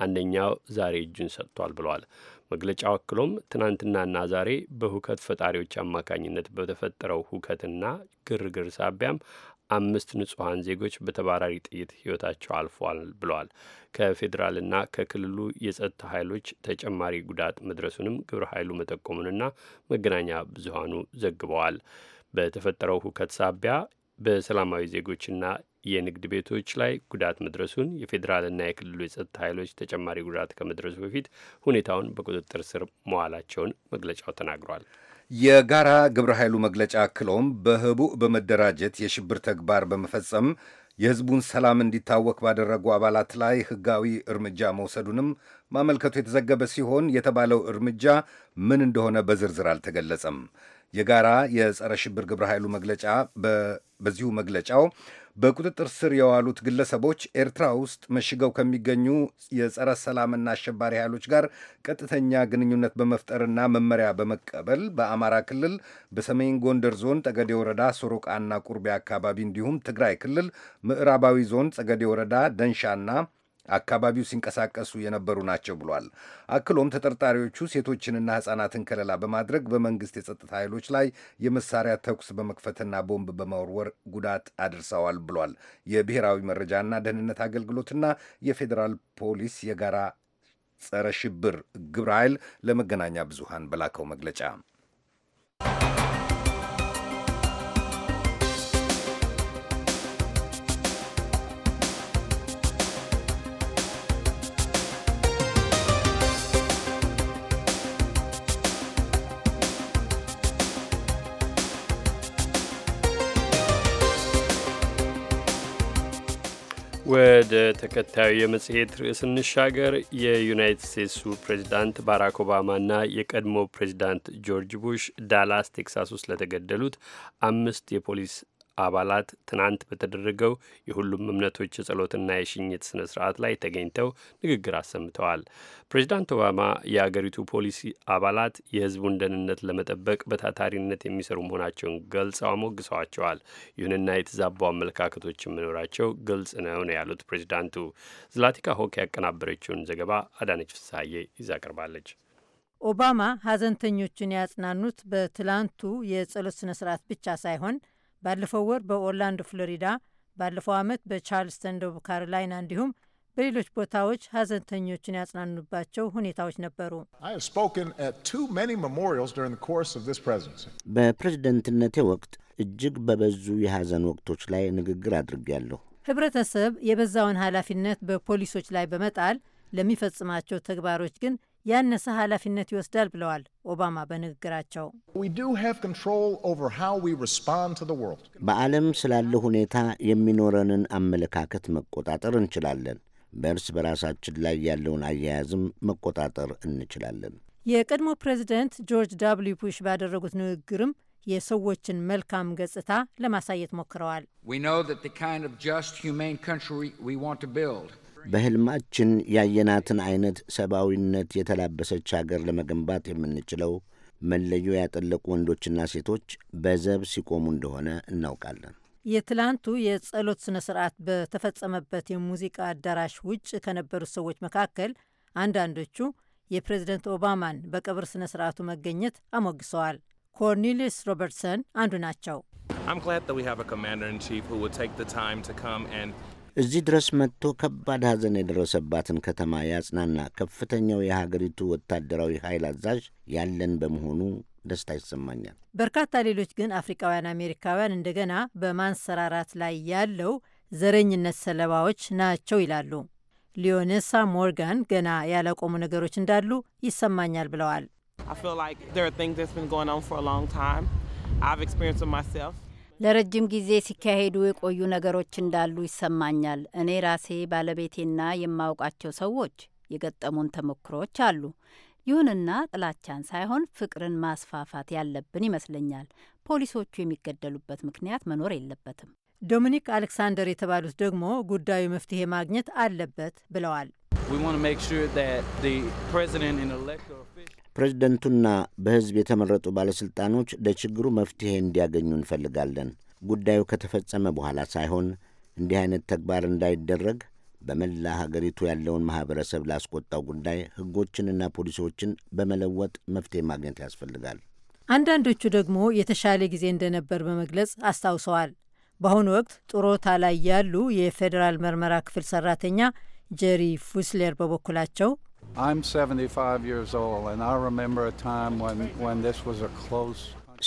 አንደኛው ዛሬ እጁን ሰጥቷል ብሏል። መግለጫው አክሎም ትናንትናና ዛሬ በሁከት ፈጣሪዎች አማካኝነት በተፈጠረው ሁከትና ግርግር ሳቢያም አምስት ንጹሐን ዜጎች በተባራሪ ጥይት ሕይወታቸው አልፏል ብለዋል። ከፌዴራልና ከክልሉ የጸጥታ ኃይሎች ተጨማሪ ጉዳት መድረሱንም ግብረ ኃይሉ መጠቆሙንና መገናኛ ብዙሃኑ ዘግበዋል። በተፈጠረው ሁከት ሳቢያ በሰላማዊ ዜጎችና የንግድ ቤቶች ላይ ጉዳት መድረሱን የፌዴራልና የክልሉ የጸጥታ ኃይሎች ተጨማሪ ጉዳት ከመድረሱ በፊት ሁኔታውን በቁጥጥር ስር መዋላቸውን መግለጫው ተናግሯል። የጋራ ግብረ ኃይሉ መግለጫ አክሎም በህቡዕ በመደራጀት የሽብር ተግባር በመፈጸም የህዝቡን ሰላም እንዲታወክ ባደረጉ አባላት ላይ ህጋዊ እርምጃ መውሰዱንም ማመልከቱ የተዘገበ ሲሆን የተባለው እርምጃ ምን እንደሆነ በዝርዝር አልተገለጸም። የጋራ የጸረ ሽብር ግብረ ኃይሉ መግለጫ በዚሁ መግለጫው በቁጥጥር ስር የዋሉት ግለሰቦች ኤርትራ ውስጥ መሽገው ከሚገኙ የጸረ ሰላምና አሸባሪ ኃይሎች ጋር ቀጥተኛ ግንኙነት በመፍጠርና መመሪያ በመቀበል በአማራ ክልል በሰሜን ጎንደር ዞን ጠገዴ ወረዳ ሶሮቃና ቁርቤ አካባቢ እንዲሁም ትግራይ ክልል ምዕራባዊ ዞን ጸገዴ ወረዳ ደንሻና አካባቢው ሲንቀሳቀሱ የነበሩ ናቸው ብሏል። አክሎም ተጠርጣሪዎቹ ሴቶችንና ሕፃናትን ከለላ በማድረግ በመንግስት የጸጥታ ኃይሎች ላይ የመሳሪያ ተኩስ በመክፈትና ቦምብ በመወርወር ጉዳት አድርሰዋል ብሏል። የብሔራዊ መረጃና ደህንነት አገልግሎትና የፌዴራል ፖሊስ የጋራ ጸረ ሽብር ግብረ ኃይል ለመገናኛ ብዙሃን በላከው መግለጫ ወደ ተከታዩ የመጽሔት ርዕስ እንሻገር። የዩናይትድ ስቴትሱ ፕሬዚዳንት ባራክ ኦባማና የቀድሞ ፕሬዚዳንት ጆርጅ ቡሽ ዳላስ ቴክሳስ ውስጥ ለተገደሉት አምስት የፖሊስ አባላት ትናንት በተደረገው የሁሉም እምነቶች የጸሎትና የሽኝት ስነ ስርዓት ላይ ተገኝተው ንግግር አሰምተዋል። ፕሬዚዳንት ኦባማ የአገሪቱ ፖሊሲ አባላት የህዝቡን ደህንነት ለመጠበቅ በታታሪነት የሚሰሩ መሆናቸውን ገልጸው አሞግሰዋቸዋል። ይሁንና የተዛቡ አመለካከቶች መኖራቸው ግልጽ ነው ነው ያሉት ፕሬዚዳንቱ። ዝላቲካ ሆክ ያቀናበረችውን ዘገባ አዳነች ፍሳዬ ይዛ ቀርባለች። ኦባማ ሀዘንተኞቹን ያጽናኑት በትላንቱ የጸሎት ስነ ስርዓት ብቻ ሳይሆን ባለፈው ወር በኦርላንዶ ፍሎሪዳ፣ ባለፈው ዓመት በቻርልስተን ደቡብ ካሮላይና እንዲሁም በሌሎች ቦታዎች ሀዘንተኞችን ያጽናኑባቸው ሁኔታዎች ነበሩ። በፕሬዝደንትነቴ ወቅት እጅግ በበዙ የሀዘን ወቅቶች ላይ ንግግር አድርጌያለሁ። ህብረተሰብ የበዛውን ኃላፊነት በፖሊሶች ላይ በመጣል ለሚፈጽማቸው ተግባሮች ግን ያነሰ ኃላፊነት ይወስዳል ብለዋል ኦባማ በንግግራቸው። በዓለም ስላለ ሁኔታ የሚኖረንን አመለካከት መቆጣጠር እንችላለን። በእርስ በራሳችን ላይ ያለውን አያያዝም መቆጣጠር እንችላለን። የቀድሞ ፕሬዚደንት ጆርጅ ዳብልዩ ቡሽ ባደረጉት ንግግርም የሰዎችን መልካም ገጽታ ለማሳየት ሞክረዋል። በሕልማችን ያየናትን አይነት ሰብአዊነት የተላበሰች አገር ለመገንባት የምንችለው መለዮ ያጠለቁ ወንዶችና ሴቶች በዘብ ሲቆሙ እንደሆነ እናውቃለን። የትላንቱ የጸሎት ስነ ስርዓት በተፈጸመበት የሙዚቃ አዳራሽ ውጭ ከነበሩት ሰዎች መካከል አንዳንዶቹ የፕሬዝደንት ኦባማን በቀብር ስነ ስርዓቱ መገኘት አሞግሰዋል። ኮርኔሊየስ ሮበርትሰን አንዱ ናቸው። እዚህ ድረስ መጥቶ ከባድ ሐዘን የደረሰባትን ከተማ ያጽናና ከፍተኛው የሀገሪቱ ወታደራዊ ኃይል አዛዥ ያለን በመሆኑ ደስታ ይሰማኛል። በርካታ ሌሎች ግን አፍሪካውያን አሜሪካውያን እንደገና በማንሰራራት ላይ ያለው ዘረኝነት ሰለባዎች ናቸው ይላሉ። ሊዮኔሳ ሞርጋን ገና ያላቆሙ ነገሮች እንዳሉ ይሰማኛል ብለዋል። ለረጅም ጊዜ ሲካሄዱ የቆዩ ነገሮች እንዳሉ ይሰማኛል። እኔ ራሴ ባለቤቴና የማውቃቸው ሰዎች የገጠሙን ተሞክሮች አሉ። ይሁንና ጥላቻን ሳይሆን ፍቅርን ማስፋፋት ያለብን ይመስለኛል። ፖሊሶቹ የሚገደሉበት ምክንያት መኖር የለበትም። ዶሚኒክ አሌክሳንደር የተባሉት ደግሞ ጉዳዩ መፍትሄ ማግኘት አለበት ብለዋል። ፕሬዝደንቱና በሕዝብ የተመረጡ ባለሥልጣኖች ለችግሩ መፍትሔ እንዲያገኙ እንፈልጋለን። ጉዳዩ ከተፈጸመ በኋላ ሳይሆን እንዲህ አይነት ተግባር እንዳይደረግ በመላ ሀገሪቱ ያለውን ማኅበረሰብ ላስቆጣው ጉዳይ ሕጎችንና ፖሊሲዎችን በመለወጥ መፍትሔ ማግኘት ያስፈልጋል። አንዳንዶቹ ደግሞ የተሻለ ጊዜ እንደነበር በመግለጽ አስታውሰዋል። በአሁኑ ወቅት ጡረታ ላይ ያሉ የፌዴራል ምርመራ ክፍል ሰራተኛ ጀሪ ፉስሌር በበኩላቸው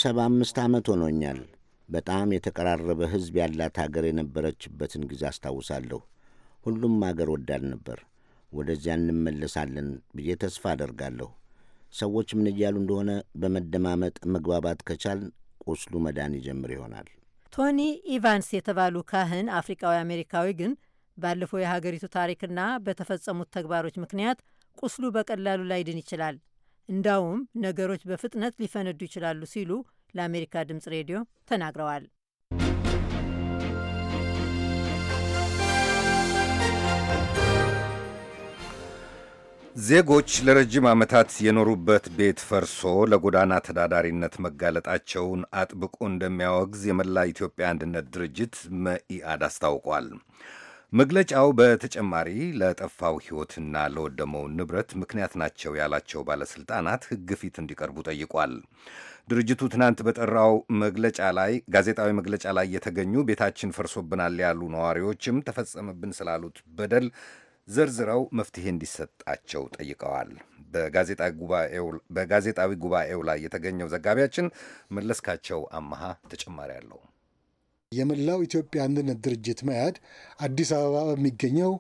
ሰባ አምስት ዓመት ሆኖኛል። በጣም የተቀራረበ ሕዝብ ያላት አገር የነበረችበትን ጊዜ አስታውሳለሁ። ሁሉም አገር ወዳድ ነበር። ወደዚያ እንመለሳለን ብዬ ተስፋ አደርጋለሁ። ሰዎች ምን እያሉ እንደሆነ በመደማመጥ መግባባት ከቻል ቁስሉ መዳን ይጀምር ይሆናል። ቶኒ ኢቫንስ የተባሉ ካህን አፍሪካዊ አሜሪካዊ ግን ባለፈው የሀገሪቱ ታሪክና በተፈጸሙት ተግባሮች ምክንያት ቁስሉ በቀላሉ ላይድን ይችላል። እንዳውም ነገሮች በፍጥነት ሊፈነዱ ይችላሉ ሲሉ ለአሜሪካ ድምፅ ሬዲዮ ተናግረዋል። ዜጎች ለረጅም ዓመታት የኖሩበት ቤት ፈርሶ ለጎዳና ተዳዳሪነት መጋለጣቸውን አጥብቆ እንደሚያወግዝ የመላ ኢትዮጵያ አንድነት ድርጅት መኢአድ አስታውቋል። መግለጫው በተጨማሪ ለጠፋው ሕይወትና ለወደመው ንብረት ምክንያት ናቸው ያላቸው ባለሥልጣናት ሕግ ፊት እንዲቀርቡ ጠይቋል። ድርጅቱ ትናንት በጠራው መግለጫ ላይ ጋዜጣዊ መግለጫ ላይ የተገኙ ቤታችን ፈርሶብናል ያሉ ነዋሪዎችም ተፈጸመብን ስላሉት በደል ዘርዝረው መፍትሄ እንዲሰጣቸው ጠይቀዋል። በጋዜጣዊ ጉባኤው ላይ የተገኘው ዘጋቢያችን መለስካቸው አመሃ ተጨማሪ አለው። የመላው ኢትዮጵያ አንድነት ድርጅት መያድ አዲስ አበባ በሚገኘው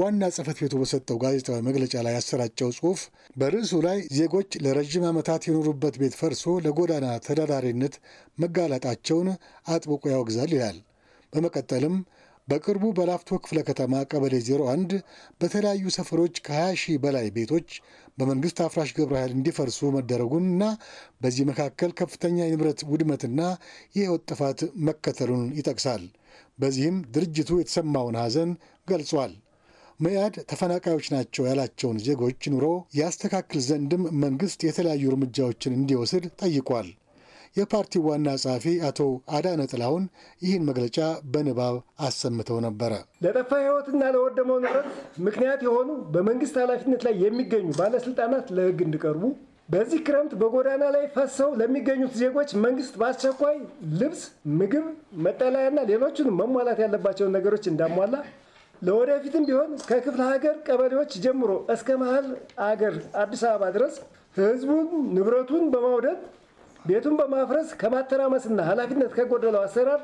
ዋና ጽህፈት ቤቱ በሰጠው ጋዜጣዊ መግለጫ ላይ ያሰራጨው ጽሑፍ በርዕሱ ላይ ዜጎች ለረዥም ዓመታት የኖሩበት ቤት ፈርሶ ለጎዳና ተዳዳሪነት መጋለጣቸውን አጥብቆ ያወግዛል ይላል። በመቀጠልም በቅርቡ በላፍቶ ክፍለ ከተማ ቀበሌ 01 በተለያዩ ሰፈሮች ከ20 ሺህ በላይ ቤቶች በመንግስት አፍራሽ ግብረ ኃይል እንዲፈርሱ እና በዚህ መካከል ከፍተኛ የንብረት ውድመትና የህይወት ጥፋት መከተሉን ይጠቅሳል። በዚህም ድርጅቱ የተሰማውን ሐዘን ገልጿል። መያድ ተፈናቃዮች ናቸው ያላቸውን ዜጎች ኑሮ ያስተካክል ዘንድም መንግስት የተለያዩ እርምጃዎችን እንዲወስድ ጠይቋል። የፓርቲው ዋና ጸሐፊ አቶ አዳነ ጥላሁን ይህን መግለጫ በንባብ አሰምተው ነበረ። ለጠፋ ሕይወትና ለወደመው ንብረት ምክንያት የሆኑ በመንግስት ኃላፊነት ላይ የሚገኙ ባለስልጣናት ለሕግ እንዲቀርቡ በዚህ ክረምት በጎዳና ላይ ፈሰው ለሚገኙት ዜጎች መንግስት በአስቸኳይ ልብስ፣ ምግብ፣ መጠለያና ሌሎችን መሟላት ያለባቸውን ነገሮች እንዳሟላ ለወደፊትም ቢሆን ከክፍለ ሀገር ቀበሌዎች ጀምሮ እስከ መሀል አገር አዲስ አበባ ድረስ ህዝቡን ንብረቱን በማውደድ ቤቱን በማፍረስ ከማተራመስና ኃላፊነት ከጎደለው አሰራር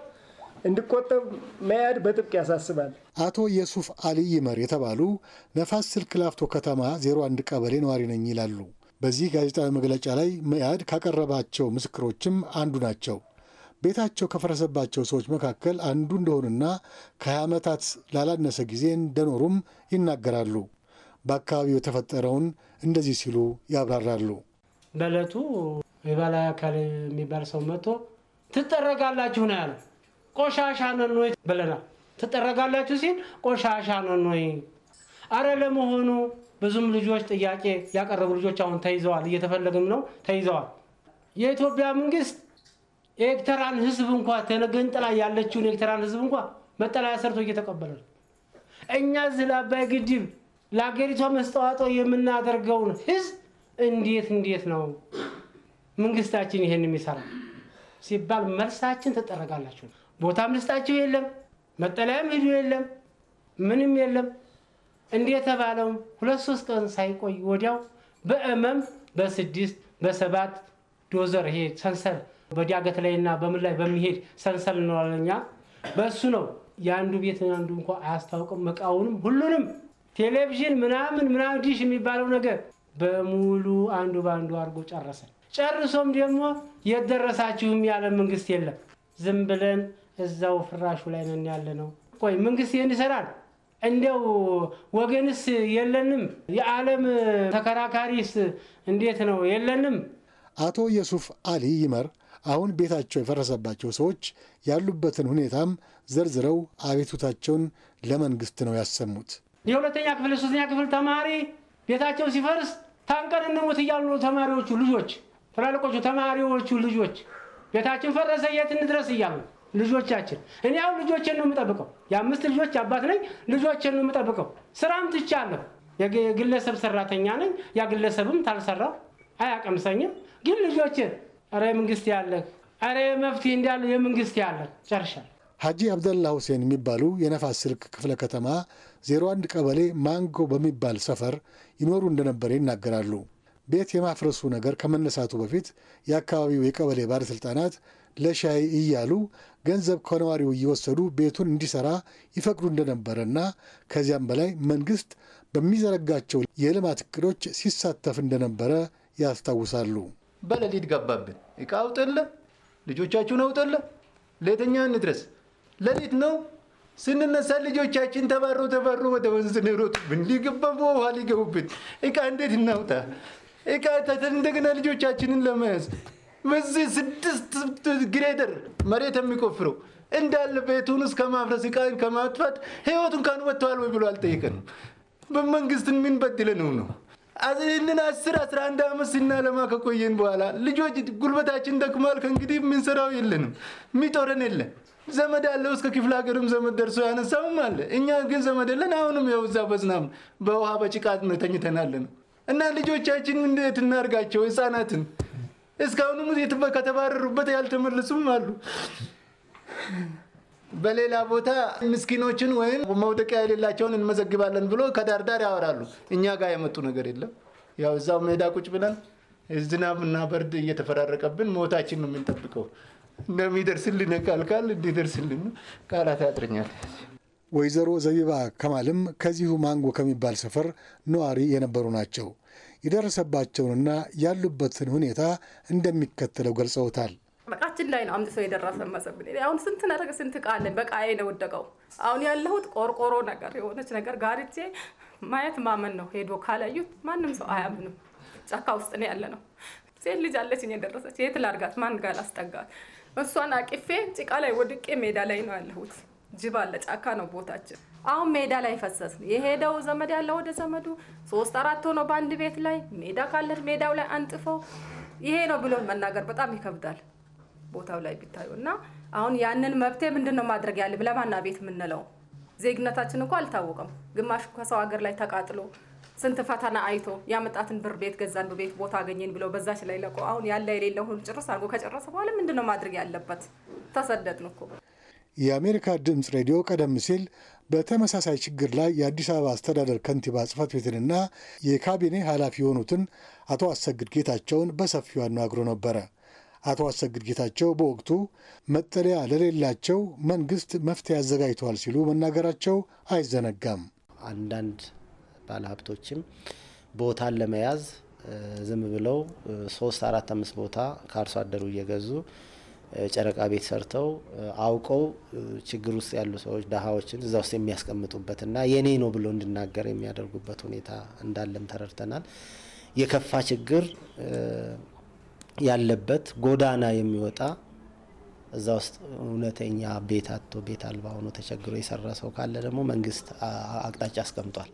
እንዲቆጠብ መያድ በጥብቅ ያሳስባል። አቶ የሱፍ አሊ ይመር የተባሉ ነፋስ ስልክ ላፍቶ ከተማ 01 ቀበሌ ነዋሪ ነኝ ይላሉ። በዚህ ጋዜጣዊ መግለጫ ላይ መያድ ካቀረባቸው ምስክሮችም አንዱ ናቸው። ቤታቸው ከፈረሰባቸው ሰዎች መካከል አንዱ እንደሆኑና ከ20 ዓመታት ላላነሰ ጊዜ እንደኖሩም ይናገራሉ። በአካባቢው የተፈጠረውን እንደዚህ ሲሉ ያብራራሉ። በእለቱ የበላይ አካል የሚባል ሰው መጥቶ ትጠረጋላችሁ ነው ያለው። ቆሻሻ ነን ወይ ብለናል። ትጠረጋላችሁ ሲል ቆሻሻ ነን ወይ? አረ ለመሆኑ ብዙም ልጆች ጥያቄ ያቀረቡ ልጆች አሁን ተይዘዋል፣ እየተፈለግም ነው ተይዘዋል። የኢትዮጵያ መንግስት የኤክተራን ህዝብ እንኳ ተገንጥላ ያለችውን ኤርትራን ህዝብ እንኳ መጠለያ ሰርቶ እየተቀበለ ነው። እኛ እዚህ ለአባይ ግድብ ለአገሪቷ መስተዋጦ የምናደርገውን ህዝብ እንዴት እንዴት ነው መንግስታችን ይሄን የሚሰራ ሲባል መልሳችን ትጠረጋላችሁ። ቦታም ልስጣችሁ የለም፣ መጠለያም ሂዱ የለም፣ ምንም የለም። እንደተባለውም ሁለት ሶስት ቀን ሳይቆይ ወዲያው በእመም በስድስት በሰባት ዶዘር ይሄ ሰንሰል በዳገት ላይና በምን ላይ በሚሄድ ሰንሰል እንለኛ በእሱ ነው የአንዱ ቤት አንዱ እንኳ አያስታውቅም። እቃውንም ሁሉንም ቴሌቪዥን ምናምን ምናምን ዲሽ የሚባለው ነገር በሙሉ አንዱ በአንዱ አድርጎ ጨረሰ። ጨርሶም ደግሞ የደረሳችሁም ያለ መንግስት የለም። ዝም ብለን እዛው ፍራሹ ላይ ነን ያለ ነው። ቆይ መንግስት ይህን ይሰራል? እንደው ወገንስ የለንም? የዓለም ተከራካሪስ እንዴት ነው? የለንም። አቶ የሱፍ አሊ ይመር አሁን ቤታቸው የፈረሰባቸው ሰዎች ያሉበትን ሁኔታም ዘርዝረው አቤቱታቸውን ለመንግስት ነው ያሰሙት። የሁለተኛ ክፍል የሶስተኛ ክፍል ተማሪ ቤታቸው ሲፈርስ ታንቀን እንሙት እያሉ ነው ተማሪዎቹ ልጆች ትላልቆቹ ተማሪዎቹ ልጆች ቤታችን ፈረሰ የት እንድረስ እያሉ ልጆቻችን እኔ አሁን ልጆቼን ነው የምጠብቀው። የአምስት ልጆች አባት ነኝ። ልጆቼን ነው የምጠብቀው። ስራም ትቻለሁ። የግለሰብ ሰራተኛ ነኝ። ያ ግለሰብም ታልሰራው አያቀምሰኝም። ግን ልጆቼን ኧረ የመንግስት ያለህ ኧረ መፍትሄ እንዳለ የመንግስት ያለህ ጨርሻል። ሀጂ አብደላ ሁሴን የሚባሉ የነፋስ ስልክ ክፍለ ከተማ 01 ቀበሌ ማንጎ በሚባል ሰፈር ይኖሩ እንደነበር ይናገራሉ። ቤት የማፍረሱ ነገር ከመነሳቱ በፊት የአካባቢው የቀበሌ ባለሥልጣናት ለሻይ እያሉ ገንዘብ ከነዋሪው እየወሰዱ ቤቱን እንዲሰራ ይፈቅዱ እንደነበረና ከዚያም በላይ መንግስት በሚዘረጋቸው የልማት እቅዶች ሲሳተፍ እንደነበረ ያስታውሳሉ። በሌሊት ገባብን። እቃ አውጥለ፣ ልጆቻችሁን አውጥለ፣ ሌተኛ እንድረስ። ሌሊት ነው ስንነሳ ልጆቻችን ተባሮ ተባሮ ወደ ወንዝ ንሮጡብን። ሊገባ ውሃ ሊገቡብን እቃ እንዴት እናውጣ? የካተትን እንደገና ልጆቻችንን ለመያዝ በዚህ ስድስት ግሬደር መሬት የሚቆፍረው እንዳለ ቤቱን እስከ ማፍረስ እቃን ከማጥፋት ህይወቱ ካን ወጥተዋል ወይ ብሎ አልጠየቀንም። በመንግስትን ምን በድለ ነው ነው ይህንን አስር አስራ አንድ አመት ሲናለማ ከቆየን በኋላ ልጆች ጉልበታችን ደክሟል። ከእንግዲህ የምንሰራው የለንም፣ የሚጦረን የለን። ዘመድ አለው እስከ ክፍለ ሀገርም ዘመድ ደርሶ ያነሳውም አለ። እኛ ግን ዘመድ የለን። አሁንም የውዛ በዝናብ በውሃ በጭቃ ተኝተናለን። እና ልጆቻችን እንዴት እናርጋቸው? ህፃናትን እስካሁንም ከተባረሩበት ያልተመለሱም አሉ። በሌላ ቦታ ምስኪኖችን ወይም መውደቂያ የሌላቸውን እንመዘግባለን ብሎ ከዳርዳር ያወራሉ። እኛ ጋር የመጡ ነገር የለም። ያው እዛው ሜዳ ቁጭ ብለን ዝናብ እና በርድ እየተፈራረቀብን ሞታችን ነው የምንጠብቀው። እንደሚደርስልን ቃል ቃል እንዲደርስልን ቃላት ያጥርኛል። ወይዘሮ ዘቢባ ከማልም ከዚሁ ማንጎ ከሚባል ሰፈር ነዋሪ የነበሩ ናቸው። የደረሰባቸውንና ያሉበትን ሁኔታ እንደሚከተለው ገልጸውታል። በቃችን ላይ ነው አምጥቶ የደረሰ መሰብል። አሁን ስንት ነገር ስንት ቃለን አለን። በቃ ነው ወደቀው። አሁን ያለሁት ቆርቆሮ ነገር የሆነች ነገር ጋርቼ ማየት ማመን ነው። ሄዶ ካላዩት ማንም ሰው አያምንም። ጫካ ውስጥ ነው ያለ ነው። ሴት ልጅ አለችኝ የደረሰች። የት ላርጋት? ማን ጋር ላስጠጋት? እሷን አቅፌ ጭቃ ላይ ወድቄ ሜዳ ላይ ነው ያለሁት። ጅብ አለ። ጫካ ነው ቦታችን። አሁን ሜዳ ላይ ፈሰስ የሄደው ዘመድ ያለ ወደ ዘመዱ ሶስት አራት ሆኖ በአንድ ቤት ላይ ሜዳ ካለ ሜዳው ላይ አንጥፈው ይሄ ነው ብሎ መናገር በጣም ይከብዳል። ቦታው ላይ ቢታዩ እና አሁን ያንን መብቴ ምንድን ነው ማድረግ ያለ ለማና ቤት የምንለው ዜግነታችን እንኳ አልታወቀም። ግማሽ ከሰው ሀገር ላይ ተቃጥሎ ስንት ፈተና አይቶ ያመጣትን ብር ቤት ገዛን ቤት ቦታ አገኘን ብለው በዛች ላይ ለቆ አሁን ያለ የሌለውን ጭርስ አድርጎ ከጨረሰ በኋላ ምንድን ነው ማድረግ ያለበት? ተሰደድን እኮ የአሜሪካ ድምፅ ሬዲዮ ቀደም ሲል በተመሳሳይ ችግር ላይ የአዲስ አበባ አስተዳደር ከንቲባ ጽፈት ቤትንና የካቢኔ ኃላፊ የሆኑትን አቶ አሰግድ ጌታቸውን በሰፊው አነጋግሮ ነበረ። አቶ አሰግድ ጌታቸው በወቅቱ መጠለያ ለሌላቸው መንግስት መፍትሄ አዘጋጅተዋል ሲሉ መናገራቸው አይዘነጋም። አንዳንድ ባለሀብቶችም ቦታን ለመያዝ ዝም ብለው ሶስት አራት አምስት ቦታ ከአርሶ አደሩ እየገዙ ጨረቃ ቤት ሰርተው አውቀው ችግር ውስጥ ያሉ ሰዎች ድሃዎችን እዛ ውስጥ የሚያስቀምጡበትና የኔ ነው ብሎ እንድናገር የሚያደርጉበት ሁኔታ እንዳለም ተረድተናል። የከፋ ችግር ያለበት ጎዳና የሚወጣ እዛ ውስጥ እውነተኛ ቤት አቶ ቤት አልባ ሆኖ ተቸግሮ የሰራ ሰው ካለ ደግሞ መንግስት አቅጣጫ አስቀምጧል።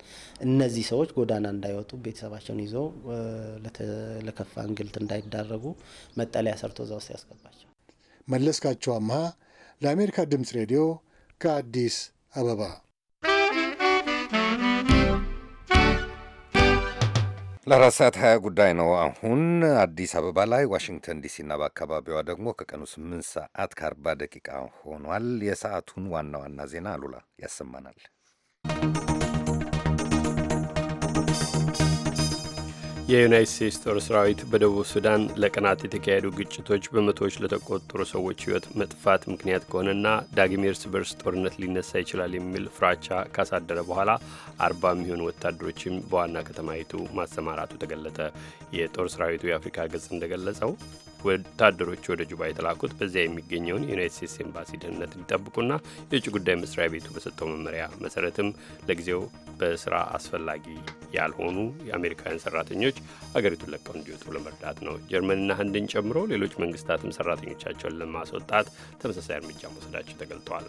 እነዚህ ሰዎች ጎዳና እንዳይወጡ ቤተሰባቸውን ይዘው ለከፋ እንግልት እንዳይዳረጉ መጠለያ ሰርቶ እዛ ውስጥ ያስገባቸው መለስካቸው አምሃ ለአሜሪካ ድምፅ ሬዲዮ ከአዲስ አበባ። ለአራት ሰዓት ጉዳይ ነው አሁን አዲስ አበባ ላይ። ዋሽንግተን ዲሲና በአካባቢዋ ደግሞ ከቀኑ 8 ሰዓት ከ40 ደቂቃ ሆኗል። የሰዓቱን ዋና ዋና ዜና አሉላ ያሰማናል። የዩናይት ስቴትስ ጦር ሰራዊት በደቡብ ሱዳን ለቀናት የተካሄዱ ግጭቶች በመቶዎች ለተቆጠሩ ሰዎች ሕይወት መጥፋት ምክንያት ከሆነና ዳግም የእርስ በርስ ጦርነት ሊነሳ ይችላል የሚል ፍራቻ ካሳደረ በኋላ አርባ የሚሆኑ ወታደሮችም በዋና ከተማይቱ ማሰማራቱ ተገለጠ። የጦር ሰራዊቱ የአፍሪካ ገጽ እንደገለጸው ወታደሮች ወደ ጁባ የተላኩት በዚያ የሚገኘውን የዩናይት ስቴትስ ኤምባሲ ደህንነት እንዲጠብቁና የውጭ ጉዳይ መስሪያ ቤቱ በሰጠው መመሪያ መሰረትም ለጊዜው በስራ አስፈላጊ ያልሆኑ የአሜሪካውያን ሰራተኞች አገሪቱን ለቀው እንዲወጡ ለመርዳት ነው። ጀርመንና ህንድን ጨምሮ ሌሎች መንግስታትም ሰራተኞቻቸውን ለማስወጣት ተመሳሳይ እርምጃ መውሰዳቸው ተገልጠዋል።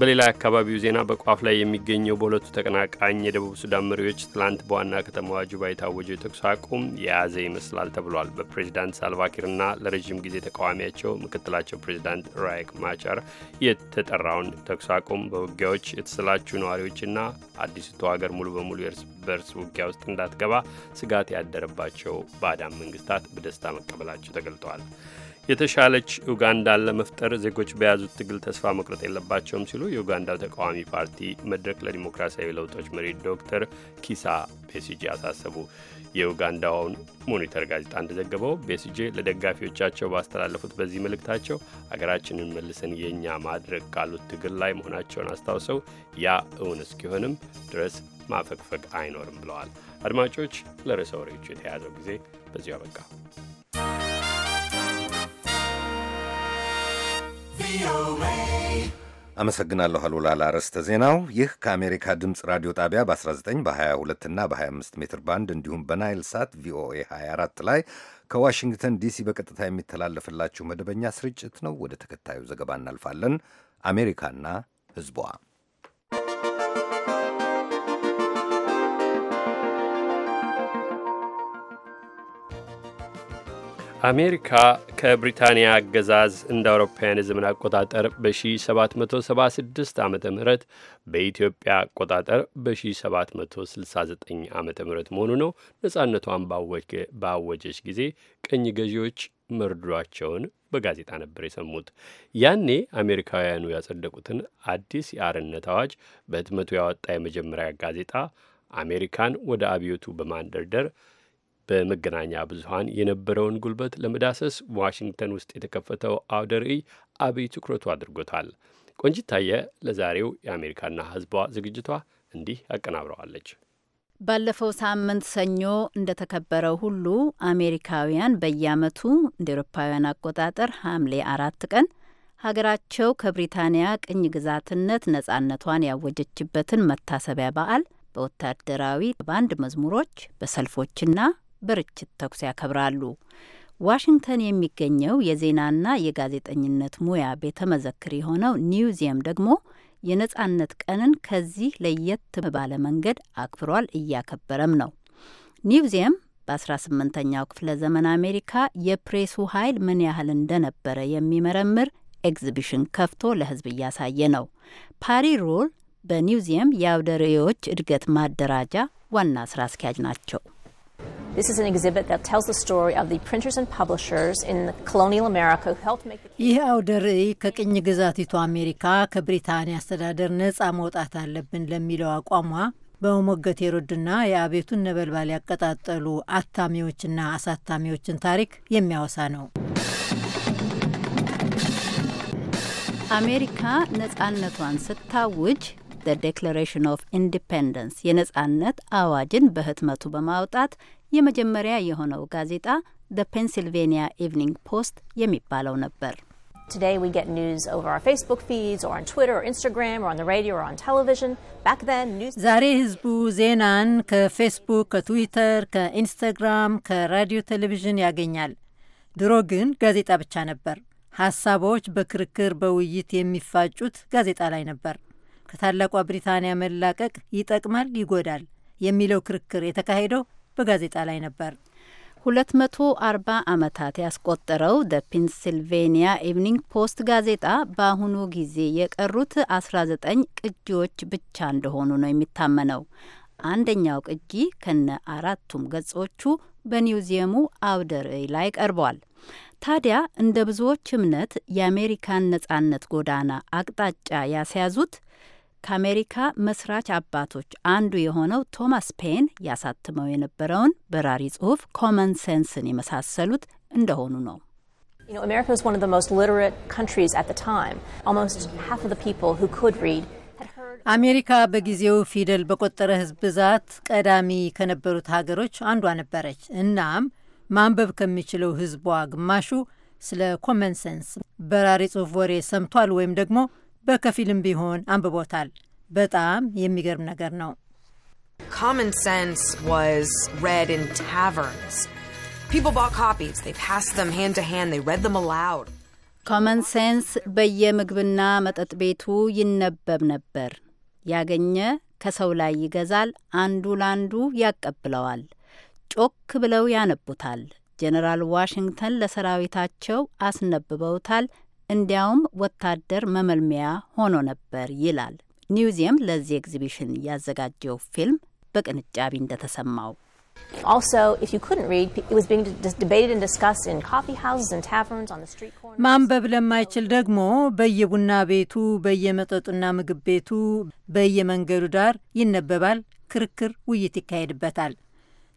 በሌላ የአካባቢው ዜና በቋፍ ላይ የሚገኘው በሁለቱ ተቀናቃኝ የደቡብ ሱዳን መሪዎች ትላንት በዋና ከተማዋ ጁባ የታወጀው የተኩስ አቁም የያዘ ይመስላል ተብሏል። በፕሬዚዳንት ሳልቫኪርና ለረዥም ጊዜ ተቃዋሚያቸው ምክትላቸው ፕሬዚዳንት ራይክ ማቻር የተጠራውን ተኩስ አቁም በውጊያዎች የተሰላቹ ነዋሪዎችና አዲስቱ ሀገር ሙሉ በሙሉ የእርስ በርስ ውጊያ ውስጥ እንዳትገባ ስጋት ያደረባቸው ባዕዳን መንግስታት በደስታ መቀበላቸው ተገልጠዋል። የተሻለች ኡጋንዳን ለመፍጠር ዜጎች በያዙት ትግል ተስፋ መቁረጥ የለባቸውም ሲሉ የኡጋንዳ ተቃዋሚ ፓርቲ መድረክ ለዲሞክራሲያዊ ለውጦች መሪ ዶክተር ኪሳ ቤሲጂ አሳሰቡ። የኡጋንዳውን ሞኒተር ጋዜጣ እንደዘገበው ቤሲጄ ለደጋፊዎቻቸው ባስተላለፉት በዚህ መልእክታቸው አገራችንን መልሰን የእኛ ማድረግ ካሉት ትግል ላይ መሆናቸውን አስታውሰው ያ እውን እስኪሆንም ድረስ ማፈግፈግ አይኖርም ብለዋል። አድማጮች ለርዕሰ ወሬዎቹ የተያዘው ጊዜ በዚሁ አበቃ። አመሰግናለሁ አሉላ ለአርዕስተ ዜናው። ይህ ከአሜሪካ ድምፅ ራዲዮ ጣቢያ በ19 በ22 እና በ25 ሜትር ባንድ እንዲሁም በናይል ሳት ቪኦኤ 24 ላይ ከዋሽንግተን ዲሲ በቀጥታ የሚተላለፍላችሁ መደበኛ ስርጭት ነው። ወደ ተከታዩ ዘገባ እናልፋለን። አሜሪካና ሕዝቧ አሜሪካ ከብሪታንያ አገዛዝ እንደ አውሮፓውያን የዘመን አቆጣጠር በ1776 ዓ ም በኢትዮጵያ አቆጣጠር በ1769 ዓ ም መሆኑ ነው ነጻነቷን ባወጀች ጊዜ ቅኝ ገዢዎች መርዷቸውን በጋዜጣ ነበር የሰሙት። ያኔ አሜሪካውያኑ ያጸደቁትን አዲስ የአርነት አዋጅ በህትመቱ ያወጣ የመጀመሪያ ጋዜጣ አሜሪካን ወደ አብዮቱ በማንደርደር በመገናኛ ብዙኃን የነበረውን ጉልበት ለመዳሰስ ዋሽንግተን ውስጥ የተከፈተው አውደ ርዕይ አብይ ትኩረቱ አድርጎታል። ቆንጅታየ ታየ ለዛሬው የአሜሪካና ሕዝቧ ዝግጅቷ እንዲህ አቀናብረዋለች። ባለፈው ሳምንት ሰኞ እንደተከበረው ሁሉ አሜሪካውያን በየዓመቱ እንደ ኤሮፓውያን አቆጣጠር ሐምሌ አራት ቀን ሀገራቸው ከብሪታንያ ቅኝ ግዛትነት ነጻነቷን ያወጀችበትን መታሰቢያ በዓል በወታደራዊ ባንድ መዝሙሮች በሰልፎችና በርችት ተኩስ ያከብራሉ። ዋሽንግተን የሚገኘው የዜናና የጋዜጠኝነት ሙያ ቤተ መዘክር የሆነው ኒውዚየም ደግሞ የነጻነት ቀንን ከዚህ ለየት ባለ መንገድ አክብሯል፣ እያከበረም ነው። ኒውዚየም በ18ኛው ክፍለ ዘመን አሜሪካ የፕሬሱ ኃይል ምን ያህል እንደነበረ የሚመረምር ኤግዚቢሽን ከፍቶ ለሕዝብ እያሳየ ነው። ፓሪ ሮል በኒውዚየም የአውደ ርዕዮች እድገት ማደራጃ ዋና ስራ አስኪያጅ ናቸው። ይህ አውደ ርዕይ ከቅኝ ግዛቲቱ አሜሪካ ከብሪታንያ አስተዳደር ነፃ መውጣት አለብን ለሚለው አቋሟ በሞገት የሮድና የአቤቱን ነበልባል ያቀጣጠሉ አታሚዎችና አሳታሚዎችን ታሪክ የሚያወሳ ነው። አሜሪካ ነፃነቷን ስታውጅ ዴክላሬሽን ኦፍ ኢንዲፔንደንስ የነፃነት አዋጅን በህትመቱ በማውጣት የመጀመሪያ የሆነው ጋዜጣ ዘ ፔንሲልቬኒያ ኢቭኒንግ ፖስት የሚባለው ነበር። Today we get news over our Facebook feeds or on Twitter or Instagram or on the radio or on television. Back then, news... ዛሬ ህዝቡ ዜናን ከፌስቡክ፣ ከትዊተር፣ ከኢንስታግራም፣ ከራዲዮ ቴሌቪዥን ያገኛል። ድሮ ግን ጋዜጣ ብቻ ነበር። ሀሳቦች በክርክር በውይይት የሚፋጩት ጋዜጣ ላይ ነበር። ከታላቋ ብሪታንያ መላቀቅ ይጠቅማል፣ ይጎዳል የሚለው ክርክር የተካሄደው በጋዜጣ ላይ ነበር። 240 ዓመታት ያስቆጠረው ደ ፔንስልቬኒያ ኢቭኒንግ ፖስት ጋዜጣ በአሁኑ ጊዜ የቀሩት 19 ቅጂዎች ብቻ እንደሆኑ ነው የሚታመነው። አንደኛው ቅጂ ከነ አራቱም ገጾቹ በኒውዚየሙ አውደ ርዕይ ላይ ቀርቧል። ታዲያ እንደ ብዙዎች እምነት የአሜሪካን ነጻነት ጎዳና አቅጣጫ ያስያዙት ከአሜሪካ መስራች አባቶች አንዱ የሆነው ቶማስ ፔን ያሳትመው የነበረውን በራሪ ጽሑፍ ኮመን ሴንስን የመሳሰሉት እንደሆኑ ነው። አሜሪካ በጊዜው ፊደል በቆጠረ ሕዝብ ብዛት ቀዳሚ ከነበሩት ሀገሮች አንዷ ነበረች። እናም ማንበብ ከሚችለው ሕዝቧ ግማሹ ስለ ኮመን ሴንስ በራሪ ጽሑፍ ወሬ ሰምቷል ወይም ደግሞ በከፊልም ቢሆን አንብቦታል። በጣም የሚገርም ነገር ነው። Common sense was read in taverns. People bought copies. They passed them hand to hand. They read them aloud. ኮመን ሴንስ በየምግብና መጠጥ ቤቱ ይነበብ ነበር። ያገኘ ከሰው ላይ ይገዛል፣ አንዱ ለአንዱ ያቀብለዋል። ጮክ ብለው ያነቡታል። ጄኔራል ዋሽንግተን ለሰራዊታቸው አስነብበውታል። እንዲያውም ወታደር መመልመያ ሆኖ ነበር ይላል ኒውዚየም ለዚህ ኤግዚቢሽን ያዘጋጀው ፊልም በቅንጫቢ እንደተሰማው ማንበብ ለማይችል ደግሞ በየቡና ቤቱ፣ በየመጠጡና ምግብ ቤቱ፣ በየመንገዱ ዳር ይነበባል። ክርክር፣ ውይይት ይካሄድበታል።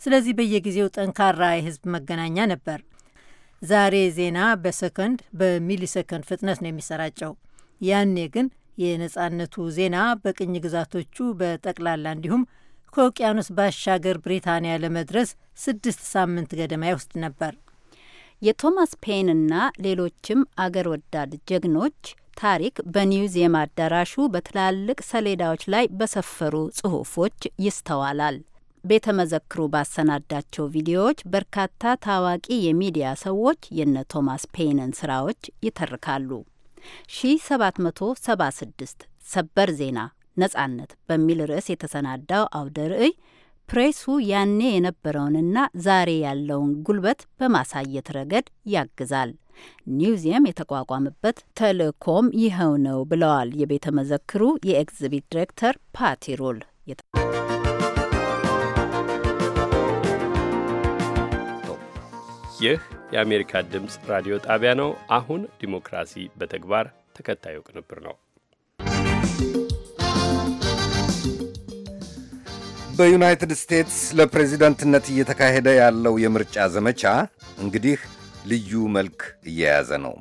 ስለዚህ በየጊዜው ጠንካራ የህዝብ መገናኛ ነበር። ዛሬ ዜና በሰከንድ በሚሊሰከንድ ፍጥነት ነው የሚሰራጨው። ያኔ ግን የነጻነቱ ዜና በቅኝ ግዛቶቹ በጠቅላላ እንዲሁም ከውቅያኖስ ባሻገር ብሪታንያ ለመድረስ ስድስት ሳምንት ገደማ ይወስድ ነበር። የቶማስ ፔንና ሌሎችም አገር ወዳድ ጀግኖች ታሪክ በኒውዝ አዳራሹ በትላልቅ ሰሌዳዎች ላይ በሰፈሩ ጽሑፎች ይስተዋላል። ቤተ መዘክሩ ባሰናዳቸው ቪዲዮዎች በርካታ ታዋቂ የሚዲያ ሰዎች የነ ቶማስ ፔይንን ስራዎች ይተርካሉ። 1776 ሰበር ዜና ነጻነት በሚል ርዕስ የተሰናዳው አውደ ርዕይ ፕሬሱ ያኔ የነበረውንና ዛሬ ያለውን ጉልበት በማሳየት ረገድ ያግዛል። ኒውዚየም የተቋቋመበት ተልእኮም ይኸው ነው ብለዋል የቤተ መዘክሩ የኤግዚቢት ዲሬክተር ፓቲ ይህ የአሜሪካ ድምፅ ራዲዮ ጣቢያ ነው። አሁን ዲሞክራሲ በተግባር ተከታዩ ቅንብር ነው። በዩናይትድ ስቴትስ ለፕሬዚዳንትነት እየተካሄደ ያለው የምርጫ ዘመቻ እንግዲህ ልዩ መልክ እየያዘ ነው።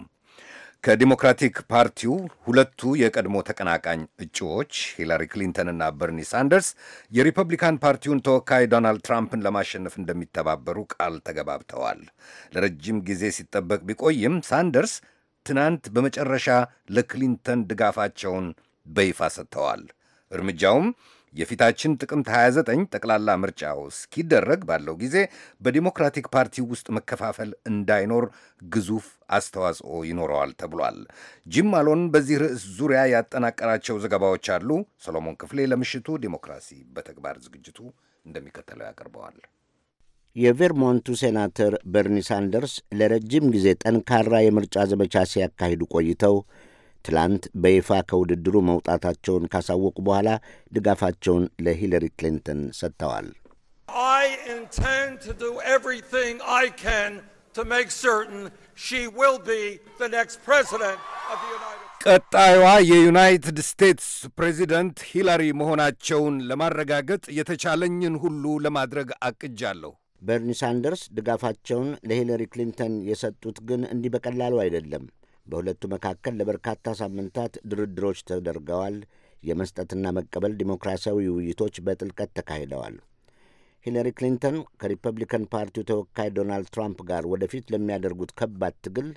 ከዲሞክራቲክ ፓርቲው ሁለቱ የቀድሞ ተቀናቃኝ እጩዎች ሂላሪ ክሊንተንና በርኒ ሳንደርስ የሪፐብሊካን ፓርቲውን ተወካይ ዶናልድ ትራምፕን ለማሸነፍ እንደሚተባበሩ ቃል ተገባብተዋል። ለረጅም ጊዜ ሲጠበቅ ቢቆይም ሳንደርስ ትናንት በመጨረሻ ለክሊንተን ድጋፋቸውን በይፋ ሰጥተዋል። እርምጃውም የፊታችን ጥቅምት 29 ጠቅላላ ምርጫው እስኪደረግ ባለው ጊዜ በዲሞክራቲክ ፓርቲ ውስጥ መከፋፈል እንዳይኖር ግዙፍ አስተዋጽኦ ይኖረዋል ተብሏል። ጂም ማሎን በዚህ ርዕስ ዙሪያ ያጠናቀራቸው ዘገባዎች አሉ። ሰሎሞን ክፍሌ ለምሽቱ ዲሞክራሲ በተግባር ዝግጅቱ እንደሚከተለው ያቀርበዋል። የቬርሞንቱ ሴናተር በርኒ ሳንደርስ ለረጅም ጊዜ ጠንካራ የምርጫ ዘመቻ ሲያካሂዱ ቆይተው ትላንት በይፋ ከውድድሩ መውጣታቸውን ካሳወቁ በኋላ ድጋፋቸውን ለሂለሪ ክሊንተን ሰጥተዋል። ቀጣዩዋ የዩናይትድ ስቴትስ ፕሬዚደንት ሂላሪ መሆናቸውን ለማረጋገጥ የተቻለኝን ሁሉ ለማድረግ አቅጃለሁ። በርኒ ሳንደርስ ድጋፋቸውን ለሂለሪ ክሊንተን የሰጡት ግን እንዲህ በቀላሉ አይደለም። በሁለቱ መካከል ለበርካታ ሳምንታት ድርድሮች ተደርገዋል። የመስጠትና መቀበል ዲሞክራሲያዊ ውይይቶች በጥልቀት ተካሂደዋል። ሂለሪ ክሊንተን ከሪፐብሊካን ፓርቲው ተወካይ ዶናልድ ትራምፕ ጋር ወደፊት ለሚያደርጉት ከባድ ትግል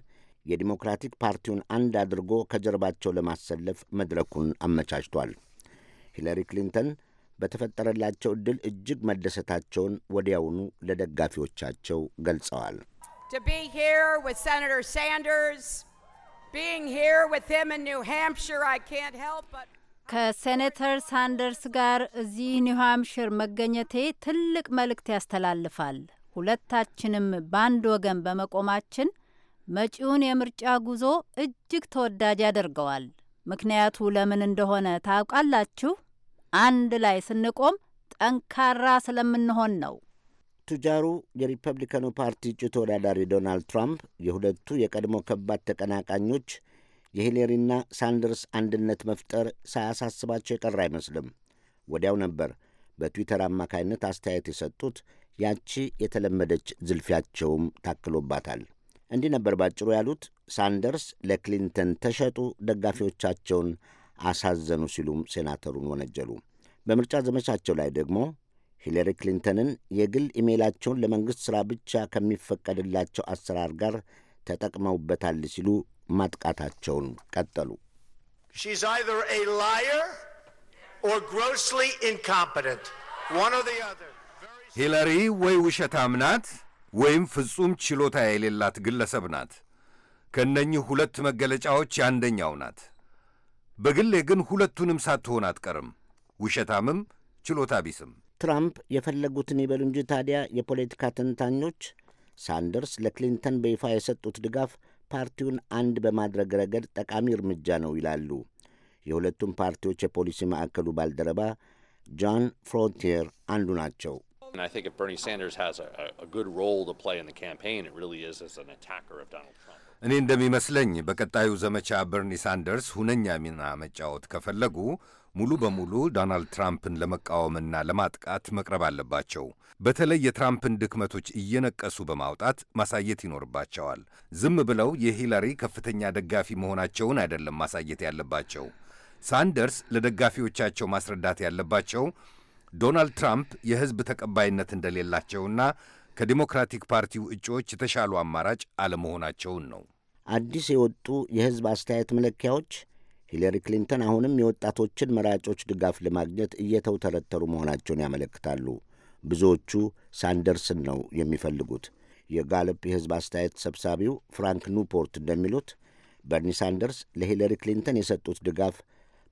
የዲሞክራቲክ ፓርቲውን አንድ አድርጎ ከጀርባቸው ለማሰለፍ መድረኩን አመቻችቷል። ሂለሪ ክሊንተን በተፈጠረላቸው ዕድል እጅግ መደሰታቸውን ወዲያውኑ ለደጋፊዎቻቸው ገልጸዋል። ከሴኔተር ሳንደርስ ጋር እዚህ ኒው ሃምሽር መገኘቴ ትልቅ መልእክት ያስተላልፋል። ሁለታችንም በአንድ ወገን በመቆማችን መጪውን የምርጫ ጉዞ እጅግ ተወዳጅ ያደርገዋል። ምክንያቱ ለምን እንደሆነ ታውቃላችሁ? አንድ ላይ ስንቆም ጠንካራ ስለምንሆን ነው። ቱጃሩ የሪፐብሊካኑ ፓርቲ እጩ ተወዳዳሪ ዶናልድ ትራምፕ የሁለቱ የቀድሞ ከባድ ተቀናቃኞች የሂለሪና ሳንደርስ አንድነት መፍጠር ሳያሳስባቸው የቀረ አይመስልም። ወዲያው ነበር በትዊተር አማካይነት አስተያየት የሰጡት። ያቺ የተለመደች ዝልፊያቸውም ታክሎባታል። እንዲህ ነበር ባጭሩ ያሉት። ሳንደርስ ለክሊንተን ተሸጡ፣ ደጋፊዎቻቸውን አሳዘኑ ሲሉም ሴናተሩን ወነጀሉ። በምርጫ ዘመቻቸው ላይ ደግሞ ሂለሪ ክሊንተንን የግል ኢሜይላቸውን ለመንግሥት ሥራ ብቻ ከሚፈቀድላቸው አሰራር ጋር ተጠቅመውበታል ሲሉ ማጥቃታቸውን ቀጠሉ። ሂለሪ ወይ ውሸታም ናት ወይም ፍጹም ችሎታ የሌላት ግለሰብ ናት። ከእነኚህ ሁለት መገለጫዎች የአንደኛው ናት። በግሌ ግን ሁለቱንም ሳትሆን አትቀርም፣ ውሸታምም ችሎታ ቢስም። ትራምፕ የፈለጉትን ይበሉ እንጂ ታዲያ የፖለቲካ ተንታኞች ሳንደርስ ለክሊንተን በይፋ የሰጡት ድጋፍ ፓርቲውን አንድ በማድረግ ረገድ ጠቃሚ እርምጃ ነው ይላሉ። የሁለቱም ፓርቲዎች የፖሊሲ ማዕከሉ ባልደረባ ጆን ፍሮንቲየር አንዱ ናቸው። እኔ እንደሚመስለኝ በቀጣዩ ዘመቻ በርኒ ሳንደርስ ሁነኛ ሚና መጫወት ከፈለጉ ሙሉ በሙሉ ዶናልድ ትራምፕን ለመቃወምና ለማጥቃት መቅረብ አለባቸው። በተለይ የትራምፕን ድክመቶች እየነቀሱ በማውጣት ማሳየት ይኖርባቸዋል። ዝም ብለው የሂላሪ ከፍተኛ ደጋፊ መሆናቸውን አይደለም ማሳየት ያለባቸው። ሳንደርስ ለደጋፊዎቻቸው ማስረዳት ያለባቸው ዶናልድ ትራምፕ የሕዝብ ተቀባይነት እንደሌላቸውና ከዲሞክራቲክ ፓርቲው እጩዎች የተሻሉ አማራጭ አለመሆናቸውን ነው። አዲስ የወጡ የሕዝብ አስተያየት መለኪያዎች ሂለሪ ክሊንተን አሁንም የወጣቶችን መራጮች ድጋፍ ለማግኘት እየተውተረተሩ መሆናቸውን ያመለክታሉ። ብዙዎቹ ሳንደርስን ነው የሚፈልጉት። የጋለፕ የሕዝብ አስተያየት ሰብሳቢው ፍራንክ ኑፖርት እንደሚሉት በርኒ ሳንደርስ ለሂለሪ ክሊንተን የሰጡት ድጋፍ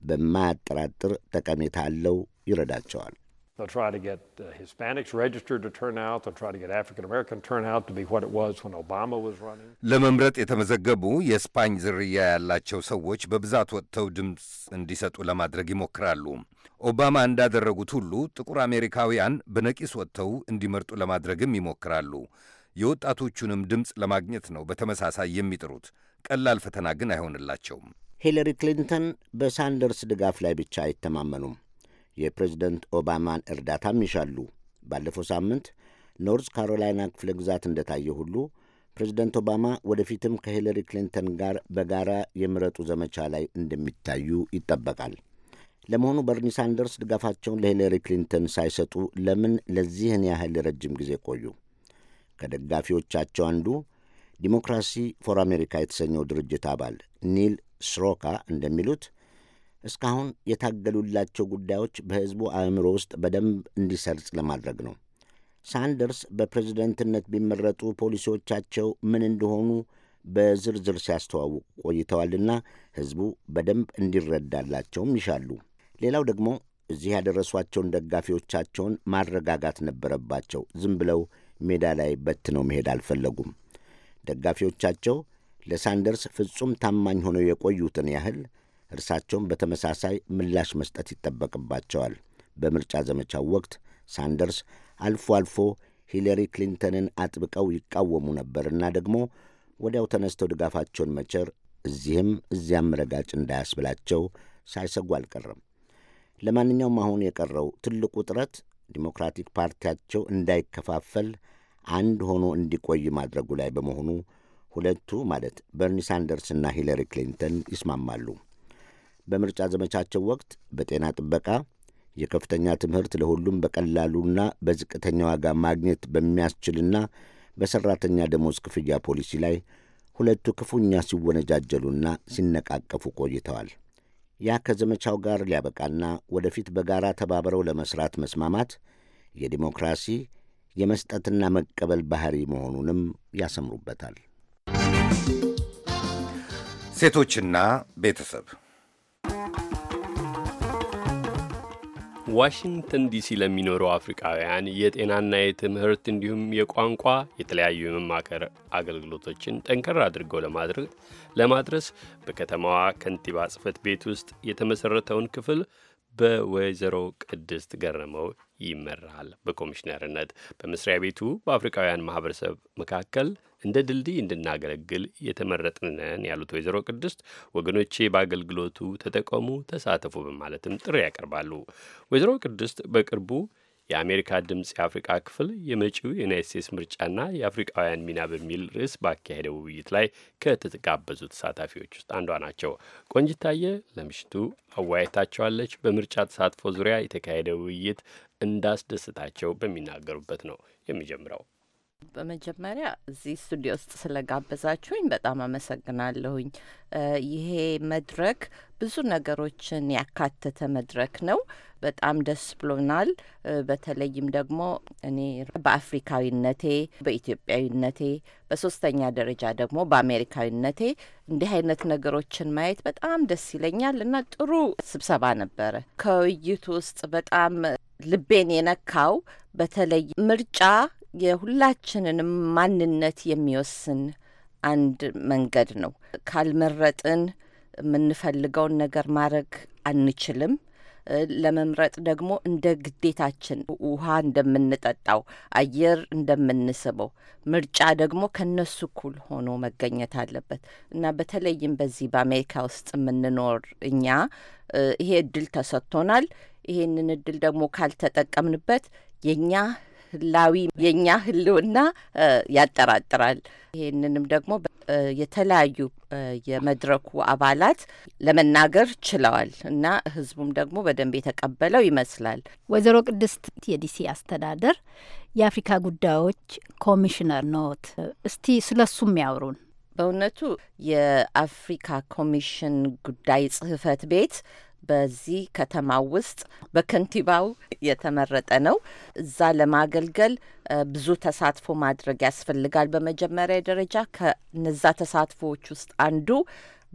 በማያጠራጥር ጠቀሜታ አለው፣ ይረዳቸዋል። They'll try to get uh, Hispanics registered to turn out. They'll try to get African American turnout to be what it was when Obama was running. ለመምረጥ የተመዘገቡ የስፓኝ ዝርያ ያላቸው ሰዎች በብዛት ወጥተው ድምፅ እንዲሰጡ ለማድረግ ይሞክራሉ። ኦባማ እንዳደረጉት ሁሉ ጥቁር አሜሪካውያን በነቂስ ወጥተው እንዲመርጡ ለማድረግም ይሞክራሉ። የወጣቶቹንም ድምፅ ለማግኘት ነው በተመሳሳይ የሚጥሩት። ቀላል ፈተና ግን አይሆንላቸውም። ሂለሪ ክሊንተን በሳንደርስ ድጋፍ ላይ ብቻ አይተማመኑም። የፕሬዝደንት ኦባማን እርዳታም ይሻሉ። ባለፈው ሳምንት ኖርዝ ካሮላይና ክፍለ ግዛት እንደታየ ሁሉ ፕሬዝደንት ኦባማ ወደፊትም ከሂለሪ ክሊንተን ጋር በጋራ የምረጡ ዘመቻ ላይ እንደሚታዩ ይጠበቃል። ለመሆኑ በርኒ ሳንደርስ ድጋፋቸውን ለሂለሪ ክሊንተን ሳይሰጡ ለምን ለዚህን ያህል ረጅም ጊዜ ቆዩ? ከደጋፊዎቻቸው አንዱ ዲሞክራሲ ፎር አሜሪካ የተሰኘው ድርጅት አባል ኒል ስሮካ እንደሚሉት እስካሁን የታገሉላቸው ጉዳዮች በሕዝቡ አእምሮ ውስጥ በደንብ እንዲሰርጽ ለማድረግ ነው። ሳንደርስ በፕሬዝደንትነት ቢመረጡ ፖሊሲዎቻቸው ምን እንደሆኑ በዝርዝር ሲያስተዋውቁ ቆይተዋልና ሕዝቡ በደንብ እንዲረዳላቸውም ይሻሉ። ሌላው ደግሞ እዚህ ያደረሷቸውን ደጋፊዎቻቸውን ማረጋጋት ነበረባቸው። ዝም ብለው ሜዳ ላይ በትነው መሄድ አልፈለጉም። ደጋፊዎቻቸው ለሳንደርስ ፍጹም ታማኝ ሆነው የቆዩትን ያህል እርሳቸውም በተመሳሳይ ምላሽ መስጠት ይጠበቅባቸዋል። በምርጫ ዘመቻው ወቅት ሳንደርስ አልፎ አልፎ ሂለሪ ክሊንተንን አጥብቀው ይቃወሙ ነበርና ደግሞ ወዲያው ተነስተው ድጋፋቸውን መቸር እዚህም እዚያም ረጋጭ እንዳያስብላቸው ሳይሰጉ አልቀረም። ለማንኛውም አሁን የቀረው ትልቁ ጥረት ዲሞክራቲክ ፓርቲያቸው እንዳይከፋፈል አንድ ሆኖ እንዲቆይ ማድረጉ ላይ በመሆኑ ሁለቱ ማለት በርኒ ሳንደርስና ሂለሪ ክሊንተን ይስማማሉ። በምርጫ ዘመቻቸው ወቅት በጤና ጥበቃ፣ የከፍተኛ ትምህርት ለሁሉም በቀላሉና በዝቅተኛ ዋጋ ማግኘት በሚያስችልና በሠራተኛ ደሞዝ ክፍያ ፖሊሲ ላይ ሁለቱ ክፉኛ ሲወነጃጀሉና ሲነቃቀፉ ቆይተዋል። ያ ከዘመቻው ጋር ሊያበቃና ወደፊት በጋራ ተባብረው ለመሥራት መስማማት የዲሞክራሲ የመስጠትና መቀበል ባህሪ መሆኑንም ያሰምሩበታል። ሴቶችና ቤተሰብ ዋሽንግተን ዲሲ ለሚኖሩ አፍሪካውያን የጤናና የትምህርት እንዲሁም የቋንቋ የተለያዩ የመማከር አገልግሎቶችን ጠንከር አድርገው ለማድረስ በከተማዋ ከንቲባ ጽህፈት ቤት ውስጥ የተመሠረተውን ክፍል በወይዘሮ ቅድስት ገረመው ይመራል። በኮሚሽነርነት በመስሪያ ቤቱ በአፍሪካውያን ማህበረሰብ መካከል እንደ ድልድይ እንድናገለግል የተመረጥንን ያሉት ወይዘሮ ቅድስት ወገኖቼ በአገልግሎቱ ተጠቀሙ፣ ተሳተፉ በማለትም ጥሪ ያቀርባሉ። ወይዘሮ ቅድስት በቅርቡ የአሜሪካ ድምፅ የአፍሪቃ ክፍል የመጪው የዩናይት ስቴትስ ምርጫና የአፍሪቃውያን ሚና በሚል ርዕስ ባካሄደው ውይይት ላይ ከተጋበዙ ተሳታፊዎች ውስጥ አንዷ ናቸው። ቆንጅታየ ለምሽቱ አወያይታቸዋለች። በምርጫ ተሳትፎ ዙሪያ የተካሄደ ውይይት እንዳስደሰታቸው በሚናገሩበት ነው የሚጀምረው። በመጀመሪያ እዚህ ስቱዲዮ ውስጥ ስለጋበዛችሁኝ በጣም አመሰግናለሁኝ። ይሄ መድረክ ብዙ ነገሮችን ያካተተ መድረክ ነው። በጣም ደስ ብሎናል። በተለይም ደግሞ እኔ በአፍሪካዊነቴ፣ በኢትዮጵያዊነቴ፣ በሶስተኛ ደረጃ ደግሞ በአሜሪካዊነቴ እንዲህ አይነት ነገሮችን ማየት በጣም ደስ ይለኛል እና ጥሩ ስብሰባ ነበረ። ከውይይቱ ውስጥ በጣም ልቤን የነካው በተለይ ምርጫ የሁላችንንም ማንነት የሚወስን አንድ መንገድ ነው። ካልመረጥን የምንፈልገውን ነገር ማድረግ አንችልም። ለመምረጥ ደግሞ እንደ ግዴታችን ውሃ እንደምንጠጣው፣ አየር እንደምንስበው ምርጫ ደግሞ ከነሱ እኩል ሆኖ መገኘት አለበት እና በተለይም በዚህ በአሜሪካ ውስጥ የምንኖር እኛ ይሄ እድል ተሰጥቶናል። ይሄንን እድል ደግሞ ካልተጠቀምንበት የእኛ ህላዊ የእኛ ህልውና ያጠራጥራል። ይህንንም ደግሞ የተለያዩ የመድረኩ አባላት ለመናገር ችለዋል እና ህዝቡም ደግሞ በደንብ የተቀበለው ይመስላል። ወይዘሮ ቅድስት የዲሲ አስተዳደር የአፍሪካ ጉዳዮች ኮሚሽነር ኖት። እስቲ እሱም ያውሩን። በእውነቱ የአፍሪካ ኮሚሽን ጉዳይ ጽህፈት ቤት በዚህ ከተማ ውስጥ በከንቲባው የተመረጠ ነው። እዛ ለማገልገል ብዙ ተሳትፎ ማድረግ ያስፈልጋል። በመጀመሪያ ደረጃ ከነዛ ተሳትፎዎች ውስጥ አንዱ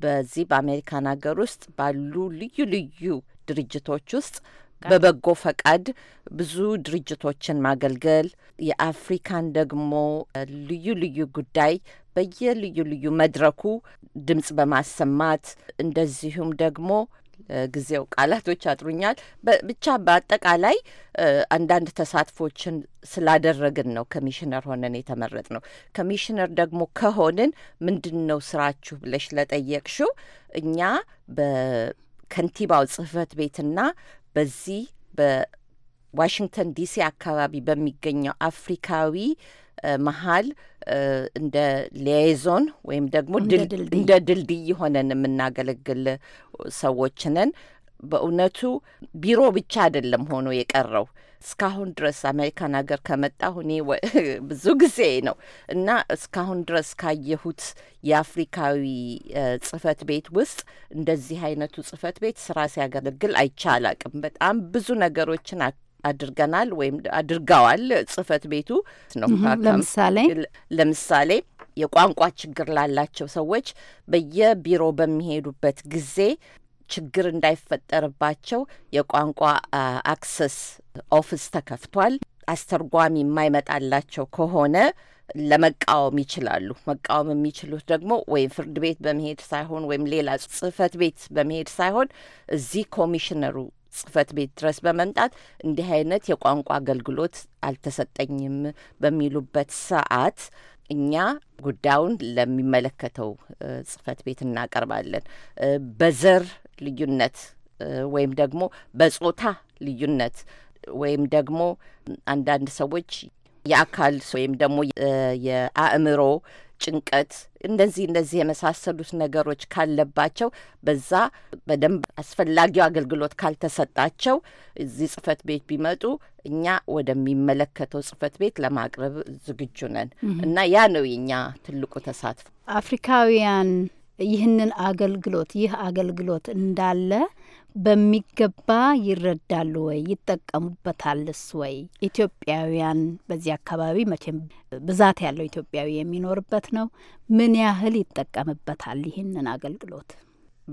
በዚህ በአሜሪካን ሀገር ውስጥ ባሉ ልዩ ልዩ ድርጅቶች ውስጥ በበጎ ፈቃድ ብዙ ድርጅቶችን ማገልገል፣ የአፍሪካን ደግሞ ልዩ ልዩ ጉዳይ በየልዩ ልዩ መድረኩ ድምጽ በማሰማት እንደዚሁም ደግሞ ጊዜው ቃላቶች አጥሩኛል። ብቻ በአጠቃላይ አንዳንድ ተሳትፎችን ስላደረግን ነው ኮሚሽነር ሆነን የተመረጥ ነው። ኮሚሽነር ደግሞ ከሆንን ምንድን ነው ስራችሁ ብለሽ ለጠየቅሽው እኛ በከንቲባው ጽህፈት ቤትና በዚህ በዋሽንግተን ዲሲ አካባቢ በሚገኘው አፍሪካዊ መሀል እንደ ሊያይዞን ወይም ደግሞ እንደ ድልድይ ሆነን የምናገለግል ሰዎች ነን። በእውነቱ ቢሮ ብቻ አይደለም ሆኖ የቀረው። እስካሁን ድረስ አሜሪካን ሀገር ከመጣሁ እኔ ብዙ ጊዜ ነው እና እስካሁን ድረስ ካየሁት የአፍሪካዊ ጽህፈት ቤት ውስጥ እንደዚህ አይነቱ ጽህፈት ቤት ስራ ሲያገለግል አይቻላቅም በጣም ብዙ ነገሮችን አድርገናል ወይም አድርገዋል። ጽህፈት ቤቱ ነው። ለምሳሌ ለምሳሌ የቋንቋ ችግር ላላቸው ሰዎች በየቢሮ በሚሄዱበት ጊዜ ችግር እንዳይፈጠርባቸው የቋንቋ አክሰስ ኦፊስ ተከፍቷል። አስተርጓሚ የማይመጣላቸው ከሆነ ለመቃወም ይችላሉ። መቃወም የሚችሉት ደግሞ ወይም ፍርድ ቤት በመሄድ ሳይሆን ወይም ሌላ ጽህፈት ቤት በመሄድ ሳይሆን እዚህ ኮሚሽነሩ ጽህፈት ቤት ድረስ በመምጣት እንዲህ አይነት የቋንቋ አገልግሎት አልተሰጠኝም በሚሉበት ሰዓት እኛ ጉዳዩን ለሚመለከተው ጽህፈት ቤት እናቀርባለን። በዘር ልዩነት ወይም ደግሞ በጾታ ልዩነት ወይም ደግሞ አንዳንድ ሰዎች የአካል ወይም ደግሞ የአእምሮ ጭንቀት፣ እንደዚህ እንደዚህ የመሳሰሉት ነገሮች ካለባቸው በዛ በደንብ አስፈላጊው አገልግሎት ካልተሰጣቸው እዚህ ጽህፈት ቤት ቢመጡ እኛ ወደሚመለከተው ጽህፈት ቤት ለማቅረብ ዝግጁ ነን እና ያ ነው የኛ ትልቁ ተሳትፎ። አፍሪካውያን ይህንን አገልግሎት ይህ አገልግሎት እንዳለ በሚገባ ይረዳሉ ወይ? ይጠቀሙበታልስ ወይ? ኢትዮጵያውያን በዚህ አካባቢ መቼም ብዛት ያለው ኢትዮጵያዊ የሚኖርበት ነው። ምን ያህል ይጠቀምበታል ይህንን አገልግሎት?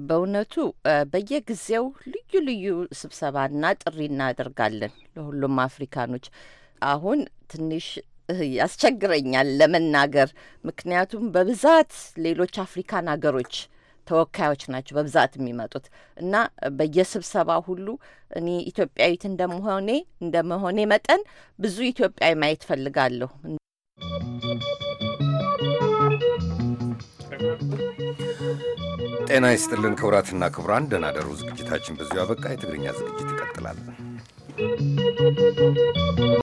በእውነቱ በየጊዜው ልዩ ልዩ ስብሰባና ጥሪ እናደርጋለን ለሁሉም አፍሪካኖች። አሁን ትንሽ ያስቸግረኛል ለመናገር። ምክንያቱም በብዛት ሌሎች አፍሪካን ሀገሮች ተወካዮች ናቸው በብዛት የሚመጡት እና በየስብሰባ ሁሉ እኔ ኢትዮጵያዊት እንደመሆኔ እንደመሆኔ መጠን ብዙ ኢትዮጵያዊ ማየት ፈልጋለሁ። ጤና ይስጥልን ክቡራትና ክቡራን፣ ደህና ደሩ። ዝግጅታችን በዚሁ አበቃ። የትግርኛ ዝግጅት ይቀጥላል።